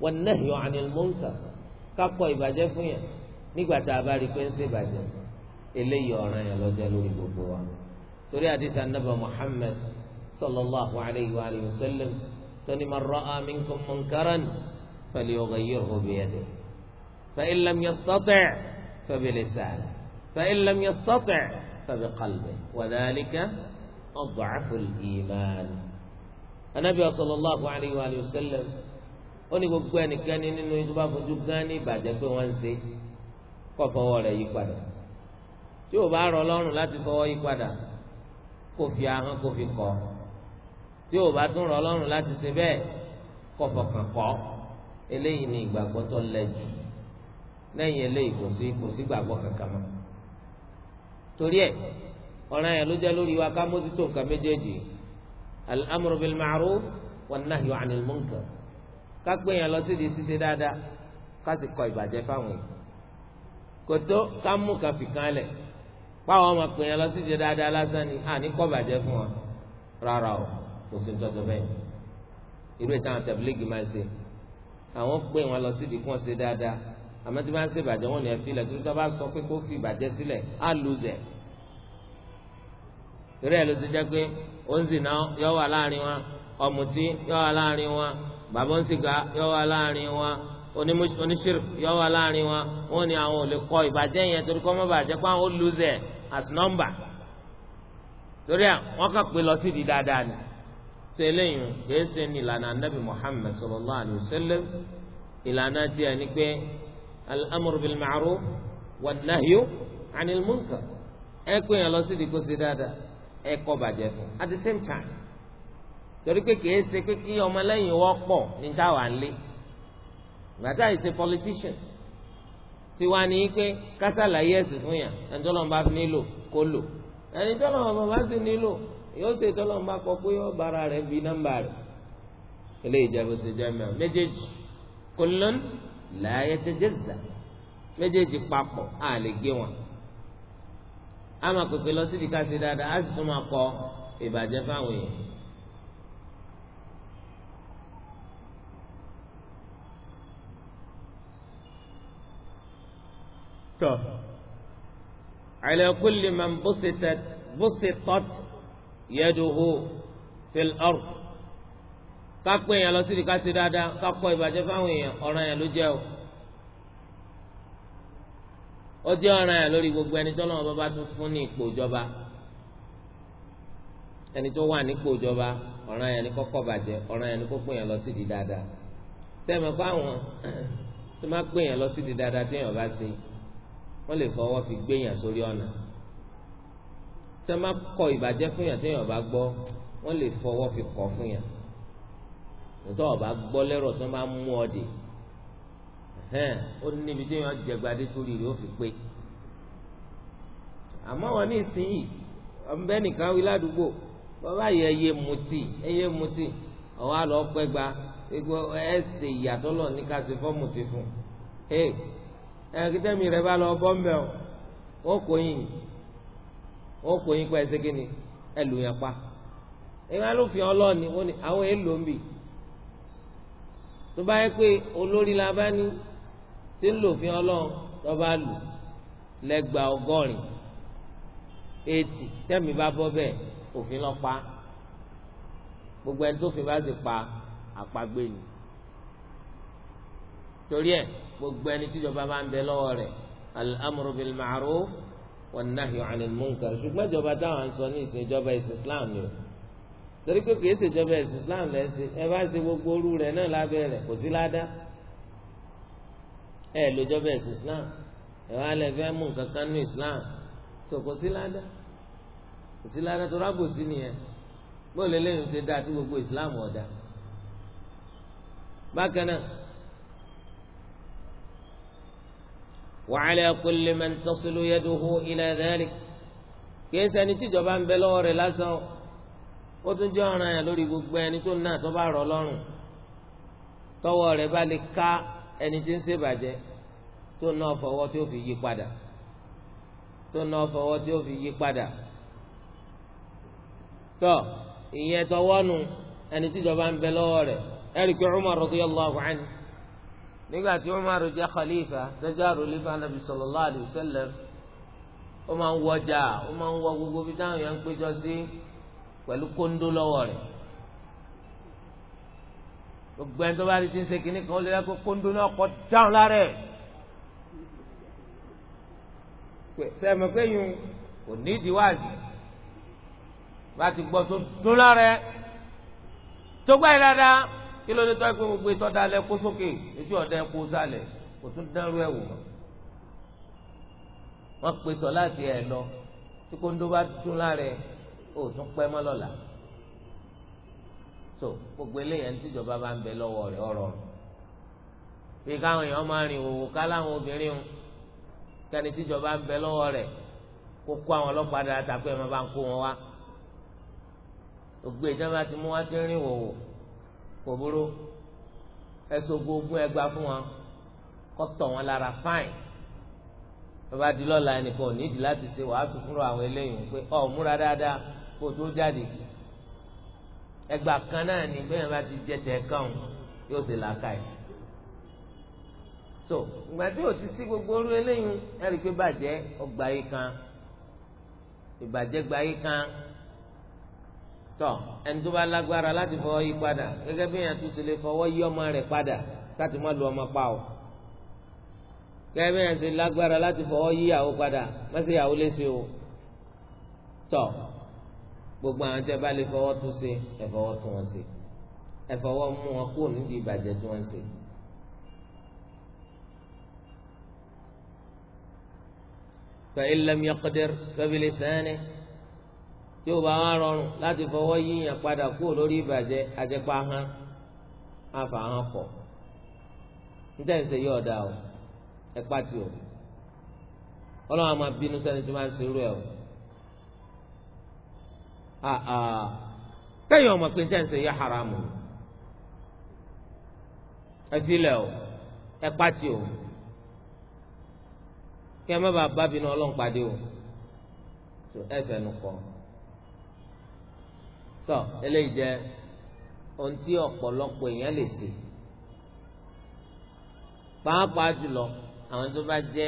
والنهي عن المنكر kákọ ìbàjẹ́ fún yẹn nígbà tá a bá rí pé ń ṣe ìbàjẹ́ eléyìí ọ̀ràn yẹn lọ́jọ́ lórí gbogbo wa torí àdìtà nàbà Muhammad sallallahu alayhi wa alihi wa sallam tóní man ra'a minkum munkaran falyughayyirhu biyadihi fa'in lam yastati' fabilisanihi fa'in lam yastati' fabiqalbihi wa dhalika ad'afu al-iman anabi sallallahu alayhi wa alihi wa sallam. ó ní gbogbo ẹnìkan ní nínú yín tó bá fojú gán ní ìbàjẹ́ pé wọ́n ń ṣe kó fọwọ́ rẹ̀ yí padà tí ò bá rọ lọ́rùn láti fọwọ́ yí padà kó fi ahọ́n kó fi kọ́ tí ò bá tún rọ lọ́rùn láti ṣe bẹ́ẹ̀ kó fọkàn kọ́ eléyìí ni ìgbàgbọ́ tó lẹ́jù lẹ́yìn eléyìí kò sí kò sí gbàgbọ́ kankan mọ́ torí ẹ̀ ọ̀ràn yẹn ló jẹ́ lórí wa ká mójútó nǹkan méjèèjì al-amru bil ma'ruf wan nahyu ká pé yẹn lọ sí di ṣíṣe dáadáa ká sì kọ ìbàjẹ́ fáwọn yìí kòtó ká mú kan fìkan lẹ̀ báwọn ọmọ pè yẹn lọ sí di dáadáa lásán ni àní kọ́ ìbàjẹ́ fún wọn rárá o kò sí tọ́jú bẹ́ẹ̀ irú ìtàn àtẹ̀bílẹ́gì máa ṣe àwọn pè wọn lọ sí di kún ṣe dáadáa àmọ́ tí wọ́n ṣe ìbàjẹ́ wọn ni ẹ fi ilẹ̀ bá sọ pé kó fi ìbàjẹ́ sílẹ̀ á lùzẹ̀ torí ẹ̀ ló ti jẹ́ pé ó ń zìnà yọ bàbá ń sìgá yọ wá láàrin wọn oníṣirk yọ wá láàrin wọn wọn ni àwọn ò lè kọ ìbàjẹ́ yẹn torí kọ́ mọ́ bàjẹ́ pé àwọn ó lose as number torí à wọn kà pé lọ sí di dáadáa ni tó eléyìí kìí ṣe ní ìlànà anabi muhammed sallallahu alayhi wa sallam ìlànà tiẹ̀ ni pé al-amru bil ma'ruf anil munkar ẹ pé yẹn lọ sí kó ṣe dáadáa ẹ kọ̀ bàjẹ́ fún at the same time torí pé kìí ṣe pé kí ọmọlẹ́yìn wọ́n pọ̀ ní táwa ń lé gbàtà ìṣe politician ti wá ní pé kásálàyé ẹ̀sìn fún yàn ẹni tó lọ́nba nílò kó lò ẹni tó lọ́nba bá sì nílò yóò ṣe tó lọ́nba kọ pé yóò bára rẹ̀ bí nọ́mbà rẹ̀ ilé ìjẹ́bù ṣe jẹ́ mẹ́rin méjèèjì kullun la yatajazza méjèèjì papọ̀ á lè gé wọn a máa lọ síbi ká ṣe dáadáa á sì tún máa kọ ìbàjẹ́ fáwọn èèyàn. tọ́ ala kulli man busitat busitat yaduhu fil ard kápẹ́ èèyàn lọ síbi ká ṣe dáadáa kápọ̀ fáwọn èèyàn ọ̀ràn yẹn ló jẹ́ o ó jẹ́ ọ̀ràn yẹn lórí gbogbo ẹni tó lọ́wọ́ bá tún fún ní ipò ìjọba ẹni tó wà nípò ìjọba ọ̀ràn yẹn ni kọ́kọ́ bàjẹ́ ọ̀ràn yẹn ni kó yẹn lọ síbi dáadáa sẹ́mi kó tó má pè yẹn lọ síbi dáadáa téèyàn bá ṣe é wọ́n lè fọwọ́ fi gbéyàn sórí ọ̀nà tẹ́ má kọ ìbàjẹ́ fún yàn téèyàn bá gbọ́ wọ́n lè fọwọ́ fi kọ́ fún yàn tòótọ́ ọ̀bá gbọ́ lẹ́rọ̀ tó máa mú ọ dè hẹ́n ó níbi téèyàn jẹgbadé torí rẹ̀ ó fi pé àmọ́ wọn ní ìsinyìí ọ̀nbẹ́ nìkan wí ládùúgbò bàbá yẹ ẹyẹ mutí ẹyẹ mutí ọ̀wá lọ́ọ́ pẹ́ gba ẹ ṣe ìyàtọ̀ lọ́ọ̀ ní ká ṣe fọ́ọ̀mù ti fún un ẹ̀ẹ́dẹ́mi rẹ bá lọ bọ́m̀bẹ̀ o ó kò yín ó kò yín pẹ́ ṣégin ni ẹlòyìn pa ìwé alófin ọlọ́ọ̀ni ó ní àwọn èèlò ń bì tó bá yẹ pé olórí la tí ń lòfin ọlọ́ọ̀ tó bá lù lẹ́gbàá ọgọ́rin eighty tẹ́mi bá bọ́ bẹ́ẹ̀ òfin lọ́ọ́ pa gbogbo ẹni tó fi bá sì pa àpagbé ni torí ẹ gbogbo ẹni tíjọba bá ń bẹ lọ́wọ́ rẹ̀ al-amru bil ma'ruf wan-nahyu 'anil munkar ṣùgbọ́n ìjọba táwọn ń sọ ní ìsìn ìjọba ìsìn islam ni o torí pé kìí ṣèjọba ẹ̀sìn islam lẹ́sìn ẹ bá ṣe gbogbo orú rẹ̀ náà lábẹ́ rẹ̀ kò sí ládá ẹ lójọba ẹ̀sìn islam ẹ wá lẹ fẹ́ mú nǹkan kan ní islam so kò sí ládá kò sí ládá tó rábò nìyẹn bóòlù eléyìí ń ṣe dáa tí gbogbo islam ọ̀dà bákan náà. وعلى كل من تصل يده إلى ذلك kìí ṣẹni tíjọba ń bẹ lọ́wọ́ rẹ̀ lásán ó tún jẹ́ ọ̀ràn yẹn lórí gbogbo ẹni tó náà tó bá rọ̀ lọ́rùn tọwọ́ rẹ̀ bá lè ká ẹni tí ń ṣèbàjẹ́ tó náà fọwọ́ tí ó fi yí padà tó náà fọwọ́ tí ó fi yí padà tọ ìyẹn tọwọ́ nu ẹni tíjọba ń bẹ lọ́wọ́ rẹ̀ ẹ̀rí pé Umar radiyallahu anhu nígbà tí Umar jẹ́ khalifa tẹ́jọ́ àròlífà nàbì sallallahu alaihi wasallam ó máa ń wọjà ó máa ń wọ gbogbo bí táwọn èèyàn ń péjọ sí pẹ̀lú kóńdó lọ́wọ́ rẹ̀ gbogbo ẹni tó bá rí ti ń ṣe kínní kan ó lè kó kóńdó náà kọ dáhùn lára sẹ́mi pé kò ní ìdíwájú bá ti gbọ́ tó dún lára tó gbá dáadáa kí ló dé tó ẹ pé gbogbo ètò ọ̀dà alẹ́ kó sókè etí ọ̀dà ẹ kó sálẹ̀ kò tún dánrú ẹ̀ wò wọ́n pe sọ láti ẹ̀ lọ tí kóńdó bá dún lára ẹ̀ ó tún pẹ́ mọ́ lọ́la so gbogbo eléyàn tíjọba bá ń bẹ lọ́wọ́ rẹ̀ ọ̀rọ̀ bí káwọn èèyàn máa rìn òwò ká láwọn obìnrin ń kẹ́ni tíjọba ń bẹ lọ́wọ́ rẹ̀ kó kó àwọn ọlọ́pàá dára tàbí ẹ̀ máa bá ń kó wọn wá gbogbo ìjọba ti mú wá ti rìn òwò kò burú ẹsọ gbogbo ẹgbàá fún wọn kó tọ̀ wọn lára fáìn bàbá dilọ́la ẹnìkan ò nídìí láti ṣe wàásù fúnra àwọn eléyìí pé ọ múra dáadáa kó o tó jáde ẹgbàá kan náà ni bẹ́ẹ̀ bá ti jẹ tẹ̀ kàn yóò ṣe làákàyè so ìgbà tí o ti sí gbogbo orú eléyìí ẹ rí i pé bàjẹ́ ọgbà yìí kan ìbàjẹ́ gbà yìí kan tọ ẹni tó bá lágbára láti fọwọ́ yí padà gẹ́gẹ́ bí èèyàn tó ṣe lè fọwọ́ yí ọmọ rẹ̀ padà káti má lu ọmọ pa o gẹ́gẹ́ bí èèyàn ṣe lágbára láti fọwọ́ yí ìyàwó padà má ṣe ìyàwó léṣe o tọ gbogbo àwọn tẹ bá lè fọwọ́ tó ṣe ẹ fọwọ́ tó wọn ṣe ẹ fọwọ́ mú wọn kúrò nídìí ìbàjẹ́ tí wọ́n ṣe. فإن لم يقدر فبلسانه tí ó bá wá rọrùn láti fọwọ́ yíyan padà kúrò lórí ìbàjẹ́ àjẹpá hàn àfà pọ̀ níta yóò dá o ẹ pàtì o ọlọ́run àmọ́ bínú sẹ́ni tó máa ń serú ẹ̀ o kẹ́yìn ọmọ pé yóò haramu ẹ filẹ̀ o ẹ pàtì o kí ẹ bá bínú ọlọ́run tọ eléyìí jẹ ohun tí ọ̀pọ̀lọpọ̀ èèyàn lè ṣe pàápàá jùlọ àwọn tó bá jẹ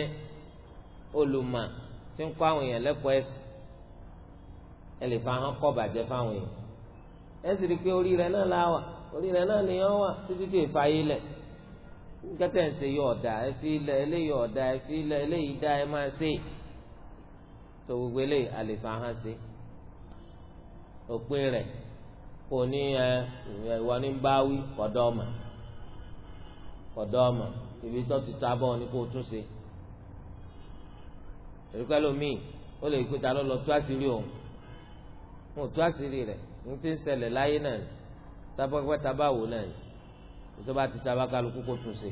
olùmọ̀ tí ń kọ́ àwọn èèyàn lẹ́kọ̀ọ́ ẹ̀sìn ẹ lè fa hàn kọ́ bàjẹ́ fáwọn èèyàn ẹ sì rí i pé orí rẹ náà la wà orí rẹ náà lèèyàn wà títí tí èèfà yìí lẹ̀ kẹtẹ ń ṣe yọ ọdà ẹ fi ilẹ̀ eléyìí ọdà ẹ fi ilẹ̀ eléyìí dá ẹ máa ṣe tó gbogbo eléyìí àlè fa hàn ṣe òpin rẹ̀ kò ní ẹ ìwọ ní báwí kọ̀dọ́ọ̀mà kọ̀dọ́ọ̀mà ibi tó ti tábọ̀ ni kò tún ṣe èrúkọ ẹlòmíì ó lè gbé ta ló lọ tú àṣírí òun wọn ò tú àṣírí rẹ̀ ní ti ń ṣẹlẹ̀ láyé náà tábọ́pẹ́ tábàwò náà tó bá ti tábà kálukú kò tún ṣe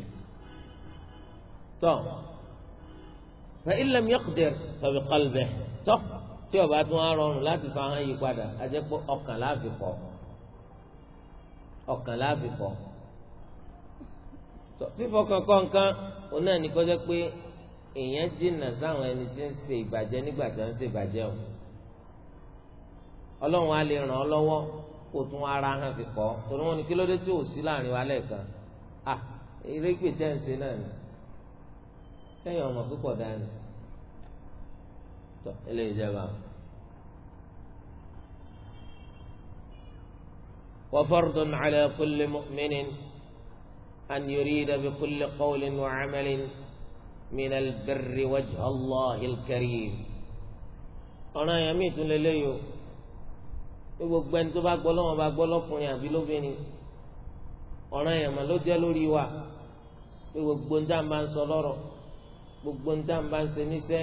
tọ́ fa illam yaqdir fa bi tọ́. tí ọba tún á rọrùn láti fa hàn yí padà àjẹpọ ọkàn láàfin pọ ọkàn láàfin pọ kankan nǹkan náà ní kọjá pé èèyàn jìnnà sáwọn ẹni tí ń ṣe ìbàjẹ́ nígbà tí ń o ọlọrun á lè ràn ọ́ lọ́wọ́ kó tún ara hàn fi torí wọn ni kí ló dé tí ò sí láàrin wa ń ṣe náà ni ọmọ dání tọ eléyìí jẹba وفرض على كل مؤمن أن يريد بكل قول وعمل من البر وجه الله الكريم ọ̀nà àyàmì ìtúnlẹ̀ lẹ́yìn o gbogbo ẹni tó bá gbọ́ lọ́wọ́ bá gbọ́ lọ́kùnrin àbí lóbìnrin ọ̀nà àyàmà ló jẹ́ lórí wa pé gbogbo ń dá ń bá ń sọ lọ́rọ̀ gbogbo ń dá ń bá ń ṣe níṣẹ́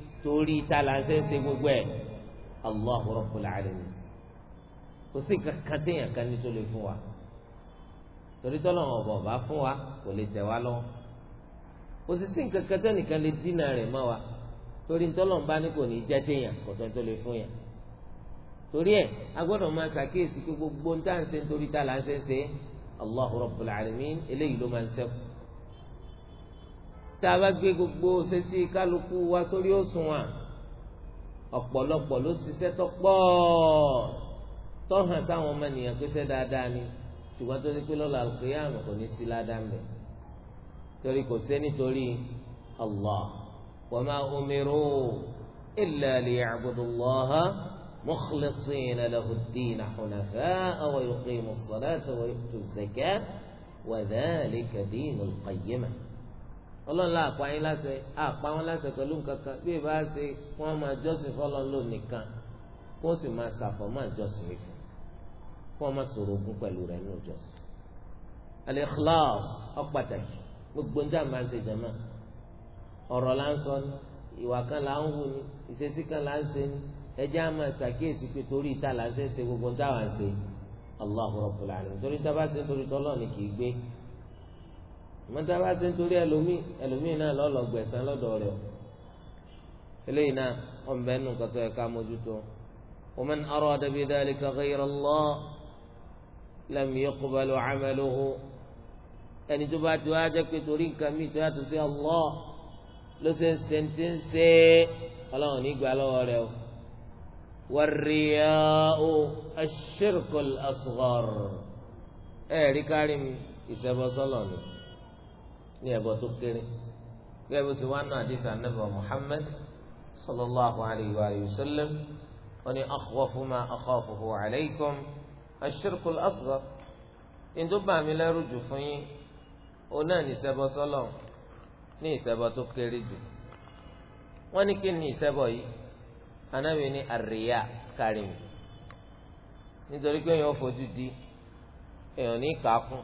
torí ta là ń ṣe ń ṣe gbogbo ẹ̀ Allahu Rabbul Alamin kò sí nǹkan kan téèyàn kan ní tó lè fún wa torí tọ́lọ́run ọ̀bọ̀ bá fún wa kò lè tẹ̀ wá lọ́wọ́ kò sí sí nǹkan tẹ́nìkan lè dínà rẹ̀ mọ́ wa torí tọ́lọ́run bá ní kò ní jẹ́ téèyàn kò sẹ́ni tó lè fún yàn torí ẹ̀ a máa ṣàkíyèsí pé gbogbo ń tà ń ṣe nítorí ta là ṣe ń ṣe Allahu Rabbul Alamin eléyìí ló máa ń ṣẹ́kù tá a bá gbé gbogbo ṣẹ́sí kálukú wa sórí òṣùwọ̀n ọ̀pọ̀lọpọ̀ ló ṣiṣẹ́ tó pọ̀ tọ́hàn sáwọn ọmọ ènìyàn pèsè dáadáa ni ṣùgbọ́n tó ní pé lọ́la àlùkìyàmù kò ní sí ládàá mẹ́ torí kò sẹ́ nítorí Allah wa ma umiru illa liya'budu Allaha mukhlisina lahu ad-dina hunafa'a wa yuqimu as-salata wa yu'tu az-zakata wa dhalika dinul qayyimah ọlọ́run la àpá yín láṣẹ àpá wọn láṣẹ pẹ̀lú nǹkan kan bí ìbá ṣe wọ́n máa jọ́sìn fọlọ́n lò nìkan kó sì máa ṣàfọ̀ máa jọ́sìn yìí fún kó wọ́n máa sọ̀rọ̀ ogun pẹ̀lú rẹ̀ nínú jọ́sìn. al-ikhlas ó pàtàkì gbogbo níta máa ń ṣe jàmá ọ̀rọ̀ là ń sọ ni ìwà kan là ń wù ni ìṣesí kan là ń ṣe ni ẹjẹ́ á máa ṣàkíyèsí pé torí ìta là ń ṣe ṣe gbogbo níta wà ń ṣe mọta bá ṣe nítorí ẹlòmíì ẹlòmíì náà lọlọ gbẹ̀san lọ́dọ̀ rẹ̀ o eléyìí náà ọmọbẹ nù kọtọ ẹ ká mójútó ومن أراد بذلك غير الله لم يقبل عمله ẹni tó bá ti wá jẹ́ pé torí nǹkan mi tó yàtọ̀ sí Allah ló ṣe ń ṣe ń ti ń ṣe ọlọ́run nígbà lọ́wọ́ rẹ̀ o. wàríyáwó aṣírkùl asghar ẹ̀ẹ́dì kárí mi ìṣẹ́bọsọ́lọ̀ ni ní ẹbọ tó kéré gẹ́gẹ́ bó ṣe wá náà àdìsí anábọ̀ Muhammad sallallahu alayhi wa sallam wọ́n ní akhwafu ma akhafuhu alaykum ashirkul asghar ìdúbà mi lẹ́rù jù fún yín òun náà ní ìṣẹbọ sọ́lọ̀ ní ìṣẹbọ tó kéré jù wọ́n ní kí ni ìṣẹbọ yìí anábì ní àríyá kárìm nítorí pé èèyàn fojú di èèyàn ní kàákùn.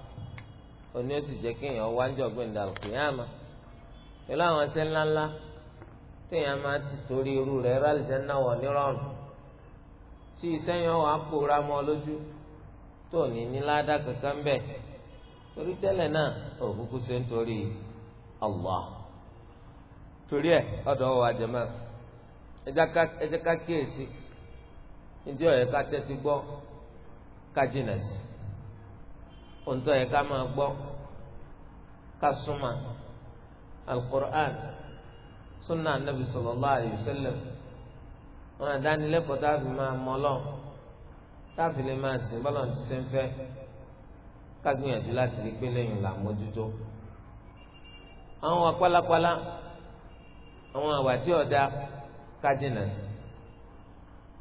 oní ó sì jẹ́ kéèyàn wá ní ọgbẹ́ni dàlùkù yá ma pẹ̀lú àwọn ẹsẹ̀ ńláńlá téèyàn máa ti torí irú rẹ̀ rálìjẹ́ náà wọ̀ nírọ̀rùn tí ìsẹ́yìn ọ̀hún àpòrá mọ́ lójú tó ní ní ládàá kankan bẹ́ẹ̀ torí tẹ́lẹ̀ náà òkúkú ṣe ń torí Allah torí ẹ̀ ọ̀dọ̀ wa jẹ̀mọ́ ẹ ká kíyèsí ní tí ká òǹtọ́ yẹ ká máa gbọ́ ká súnmọ́ alukur'an sunna anabi sallallahu alayhi wọn àdánilẹ́kọ̀ọ́ tá máa mọ a lè máa sìn bọ́lọ̀ ti ṣe ń fẹ́ láti rí pé lẹ́yìn là mójútó àwọn àpálápálá àwọn àwà tí sí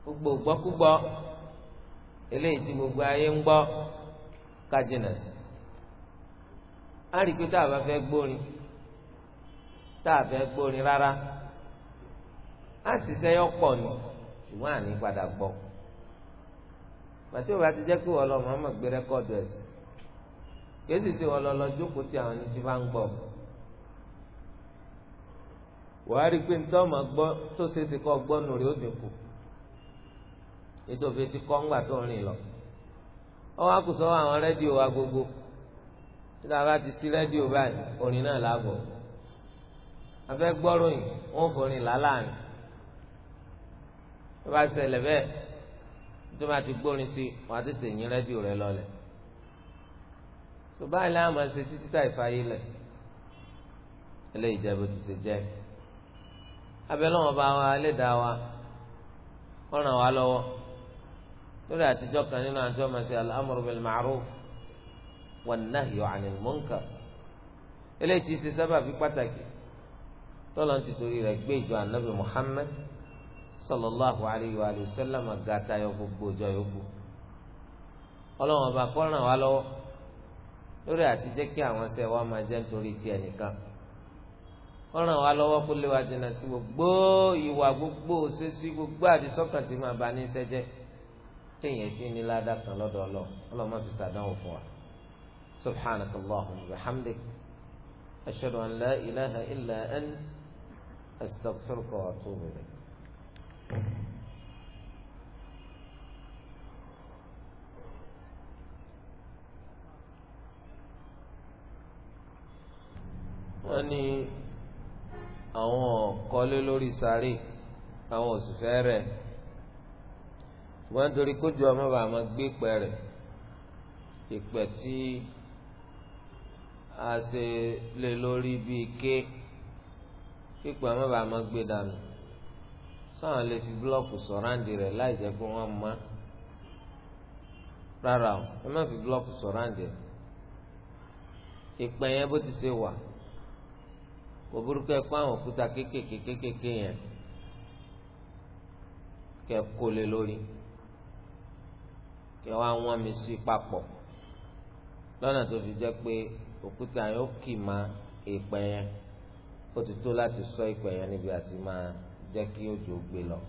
gbogbo gbọ́kúgbọ́ eléyìí kájínà sí a tá a bá fẹ́ gbórin tá a fẹ́ gbórin rárá a sì àní padà òbá ti jẹ́ pé wọ́n lọ mọ̀ọ́mọ̀ gbé rẹ́kọ́ọ̀dù ẹ̀sìn kéésì sí wọ́n lọ lọ jókòó tí àwọn ẹni tí bá ń á ti ńgbà tó ń lọ. ọwọ́ àkùsọ àwọn rédíò wa gbogbo tí a bá ti sí rédíò báyìí orin náà láàbọ̀ afẹ́ gbọ́ròyìn wọn kò rìn lálàáni tó bá ṣẹlẹ̀ bẹ́ẹ̀ tó bá ti gbórin sí wọn á tètè yín rédíò rẹ lọlẹ̀ tó báyìí láàmú ẹsẹ̀ títí táì fàyè lẹ̀ eléyìí jẹ́ bó ti ṣe jẹ́ abẹ́ lọ́wọ́ bá wa lè dá wa ọ̀ràn wa lọ́wọ́ lórí àtijọ́ kan nínú àti ọmọ sí al-amru bil ma'ruf wan-nahyu 'anil munkar eléyìí ti ṣe sábàbí pàtàkì tọ́lọ́ ti torí rẹ̀ gbé ìjọ anabi Muhammad sallallahu alayhi wa sallam gata yọ gbogbo ìjọ yòókù ọlọ́wọ́n bá kọ́ ràn wá lọ́wọ́ lórí àti jẹ́ kí àwọn ṣe wá máa jẹ́ nítorí tiẹ̀ nìkan ó ràn lọ́wọ́ kó lè wá sí gbogbo ìwà gbogbo ṣe sí gbogbo àdìsọ́kàn tí máa bá ní sẹ́jẹ́ téèyàn fi ní ládàá kan lọ́dọ̀ ọlọ ọlọmọ fi sàdánwò fún wa subhanak allahumma wa hamdik ashhadu an la ilaha illa ant astaghfiruka wa atubu ilayk. wọ́n ní àwọn kọ́lé lórí sáré àwọn òṣìfẹ́ rẹ̀ ṣùgbọ́n torí kójú ọmọ bàá máa gbé pẹ́ rẹ̀ ìpẹ́ tí a ṣe lé lórí bíi ké pípẹ́ ọmọ bàá máa gbé dànù sáwọn lè fi búlọ́ọ̀kù sọ̀ráǹdì rẹ̀ láì jẹ́ pé wọ́n mọ́ rárá o ẹ má fi búlọ́ọ̀kù sọ̀ráǹdì rẹ̀ ìpẹ́ yẹn bó ti ṣe wà kò burúkú ẹ kó àwọn òkúta kéékèèké kéékèèké yẹn kẹ kó lórí kí wọ́n á wọ́n mi sí papọ̀ lọ́nà tó fi jẹ́ pé òkúta yẹn ó kì máa èèpẹ̀ yẹn ó ti tó láti sọ èèpẹ̀ yẹn níbi àti máa jẹ́ kí òjò gbé lọ.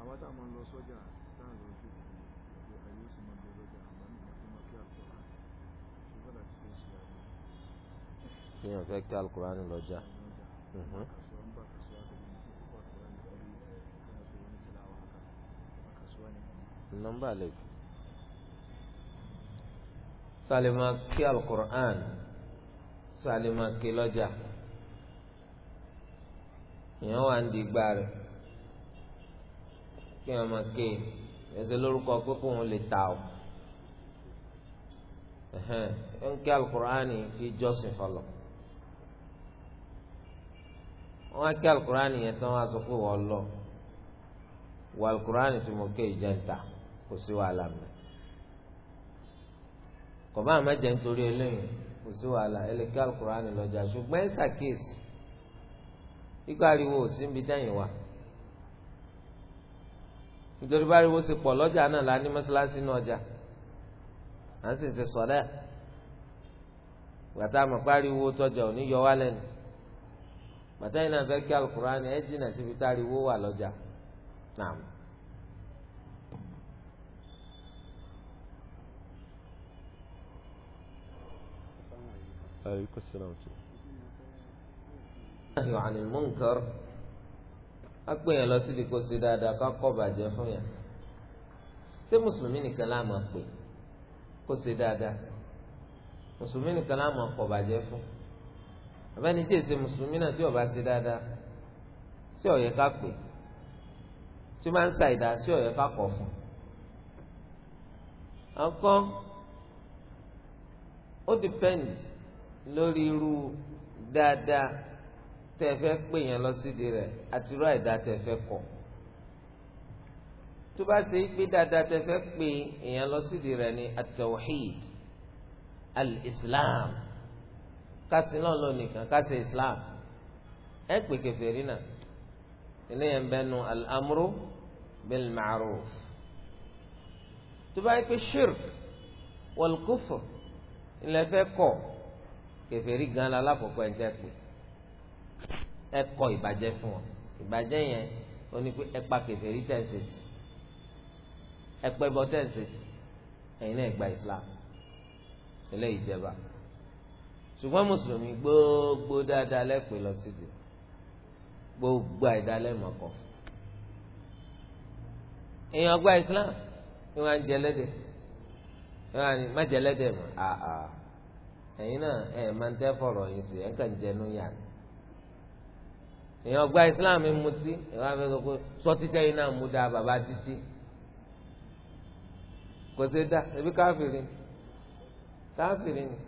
Àwọn táwọn lọ sọ́jà kí èèyàn fẹ́ kí alukurani lọ jà. Mhm. nọ́mbà lè. sálẹ̀mà kí alukurani sálẹ̀mà kí lọ́jà èèyàn wà ń di igba rẹ̀ kí èèyàn máa ké ẹsẹ̀ lórúkọ pé wọn lè ta ọ́ ń kí alukurani fi jọ́sìn fọlọ́ wọn kí alukurani yẹn tán wọn sọ pé wọn lọ wọ alukurani tí mo ké ìjẹta kò sí wàhálà mi kọba àmẹjẹ nítorí eléyìí kò sí wàhálà ẹlẹkẹ alukurani lọjà ṣùgbọ́n ẹ ṣàkíyèsí ikú ariwo ò sí níbi dẹ́yìn wa nítorí báriwo ṣe pọ̀ lọ́jà náà la ní mọ́ṣáláṣí ní ọjà à ń sì ṣe sọ̀rẹ́ gbàtà àmọ́ pariwo tọjà ò yọ wá lẹ́nu màtáyìn náà fẹ́ kí alukur'an ẹ jìnnà síbi táàrí wó wà lọ́jà náà. ayọ̀ àni munkar akpé yẹn lọ síbi kó sí dáadáa ká kọ́ bàjẹ́ fún yẹn ṣé mùsùlùmí nìkan láàmú pé kó sí dáadáa mùsùlùmí nìkan láàmú ọkọ̀ bàjẹ́ fún yẹn abẹ́ni tí èsè mùsùlùmí náà tí ó bá ṣe dáadáa sí ó yẹ ká pè tí máa ń sa ìdá sí ó yẹ ká kọ̀ fún. ọkọ ó dìpẹ́ndì lórí irú dáadáa tẹ́ fẹ́ pè yẹn lọ sídìí rẹ̀ àti irú àìdá tẹ́ fẹ́ kọ̀ tó bá ṣe pé dáadáa tẹ́ fẹ́ pè èèyàn lọ sídìí rẹ̀ ni at-tawhid Al kásì náà lò nìkan kásì islam ẹ pè kèfèrí náà eléyẹn bẹ nu al-amru bil ma'ruf tó bá yẹ pé shirk wal kufr ilẹ̀ fẹ́ kọ̀ kèfèrí gan la lákòókò ẹ̀ ń tẹ́ pé ẹ kọ ìbàjẹ́ fún wọn ìbàjẹ́ yẹn ó ní pé ẹ pa kèfèrí tẹ̀ ń ṣètì ẹ pẹ́ bọ́ tẹ̀ ń ṣètì ẹ̀yin náà gba islam eléyìí jẹba ṣùgbọ́n mùsùlùmí gbogbo dáadáa lẹ́pẹ́ lọ síbi gbogbo àìdálẹ́mọ̀kọ. èèyàn gba islam ni wọ́n á jẹ lẹ́dẹ̀ wọ́n á ní má jẹ lẹ́dẹ̀ mọ́ àà ẹ̀yin náà ẹ̀ máa ń tẹ́ fọ̀rọ̀ yìí sí ẹ̀ ń kàn jẹnu yà ni. èèyàn gba islam mutí ìwà fẹ́ sọ pé sọtí tẹ́yìn náà mú da bàbá títí kò sí dá ẹbí káfírin káfírin ni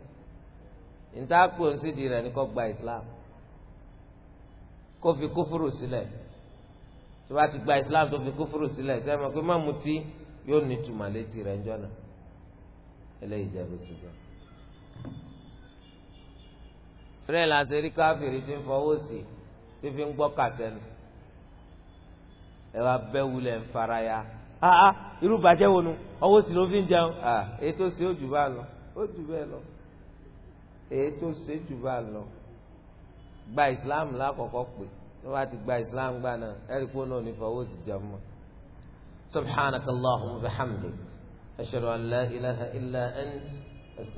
ntaakpo nsidi rẹ ni kó gba islam kó fi kúfúrú sílẹ̀ tó bá ti gba islam tó fi kúfúrú sílẹ̀ sẹmọ pé má mutí yóò ní tùmọ̀ létí rẹ ńjọ́ náà eléyìí jẹ bó ṣe jẹ tẹ́lẹ̀ la ṣe rí káfíìrì tí ń fọwọ́ sí tí fi ń gbọ́ kàṣẹ́nu ẹ wá bẹ́ wulẹ̀ ń fara ya ah ah irú bàjẹ́ wo nu ọwọ́ sí ló fi ń jẹun ah ètò sí ó jù bá lọ ó bẹ́ẹ̀ lọ èyí tó ṣe jù bá lọ gba islam lákọ̀ọ́kọ́ pé ní wàá ti gba islam gbà náà ẹ̀rí pé náà ní fọwọ́ sí jẹun mọ́. subhanakallahumma wa bihamdik ashhadu an ilaha illa ant.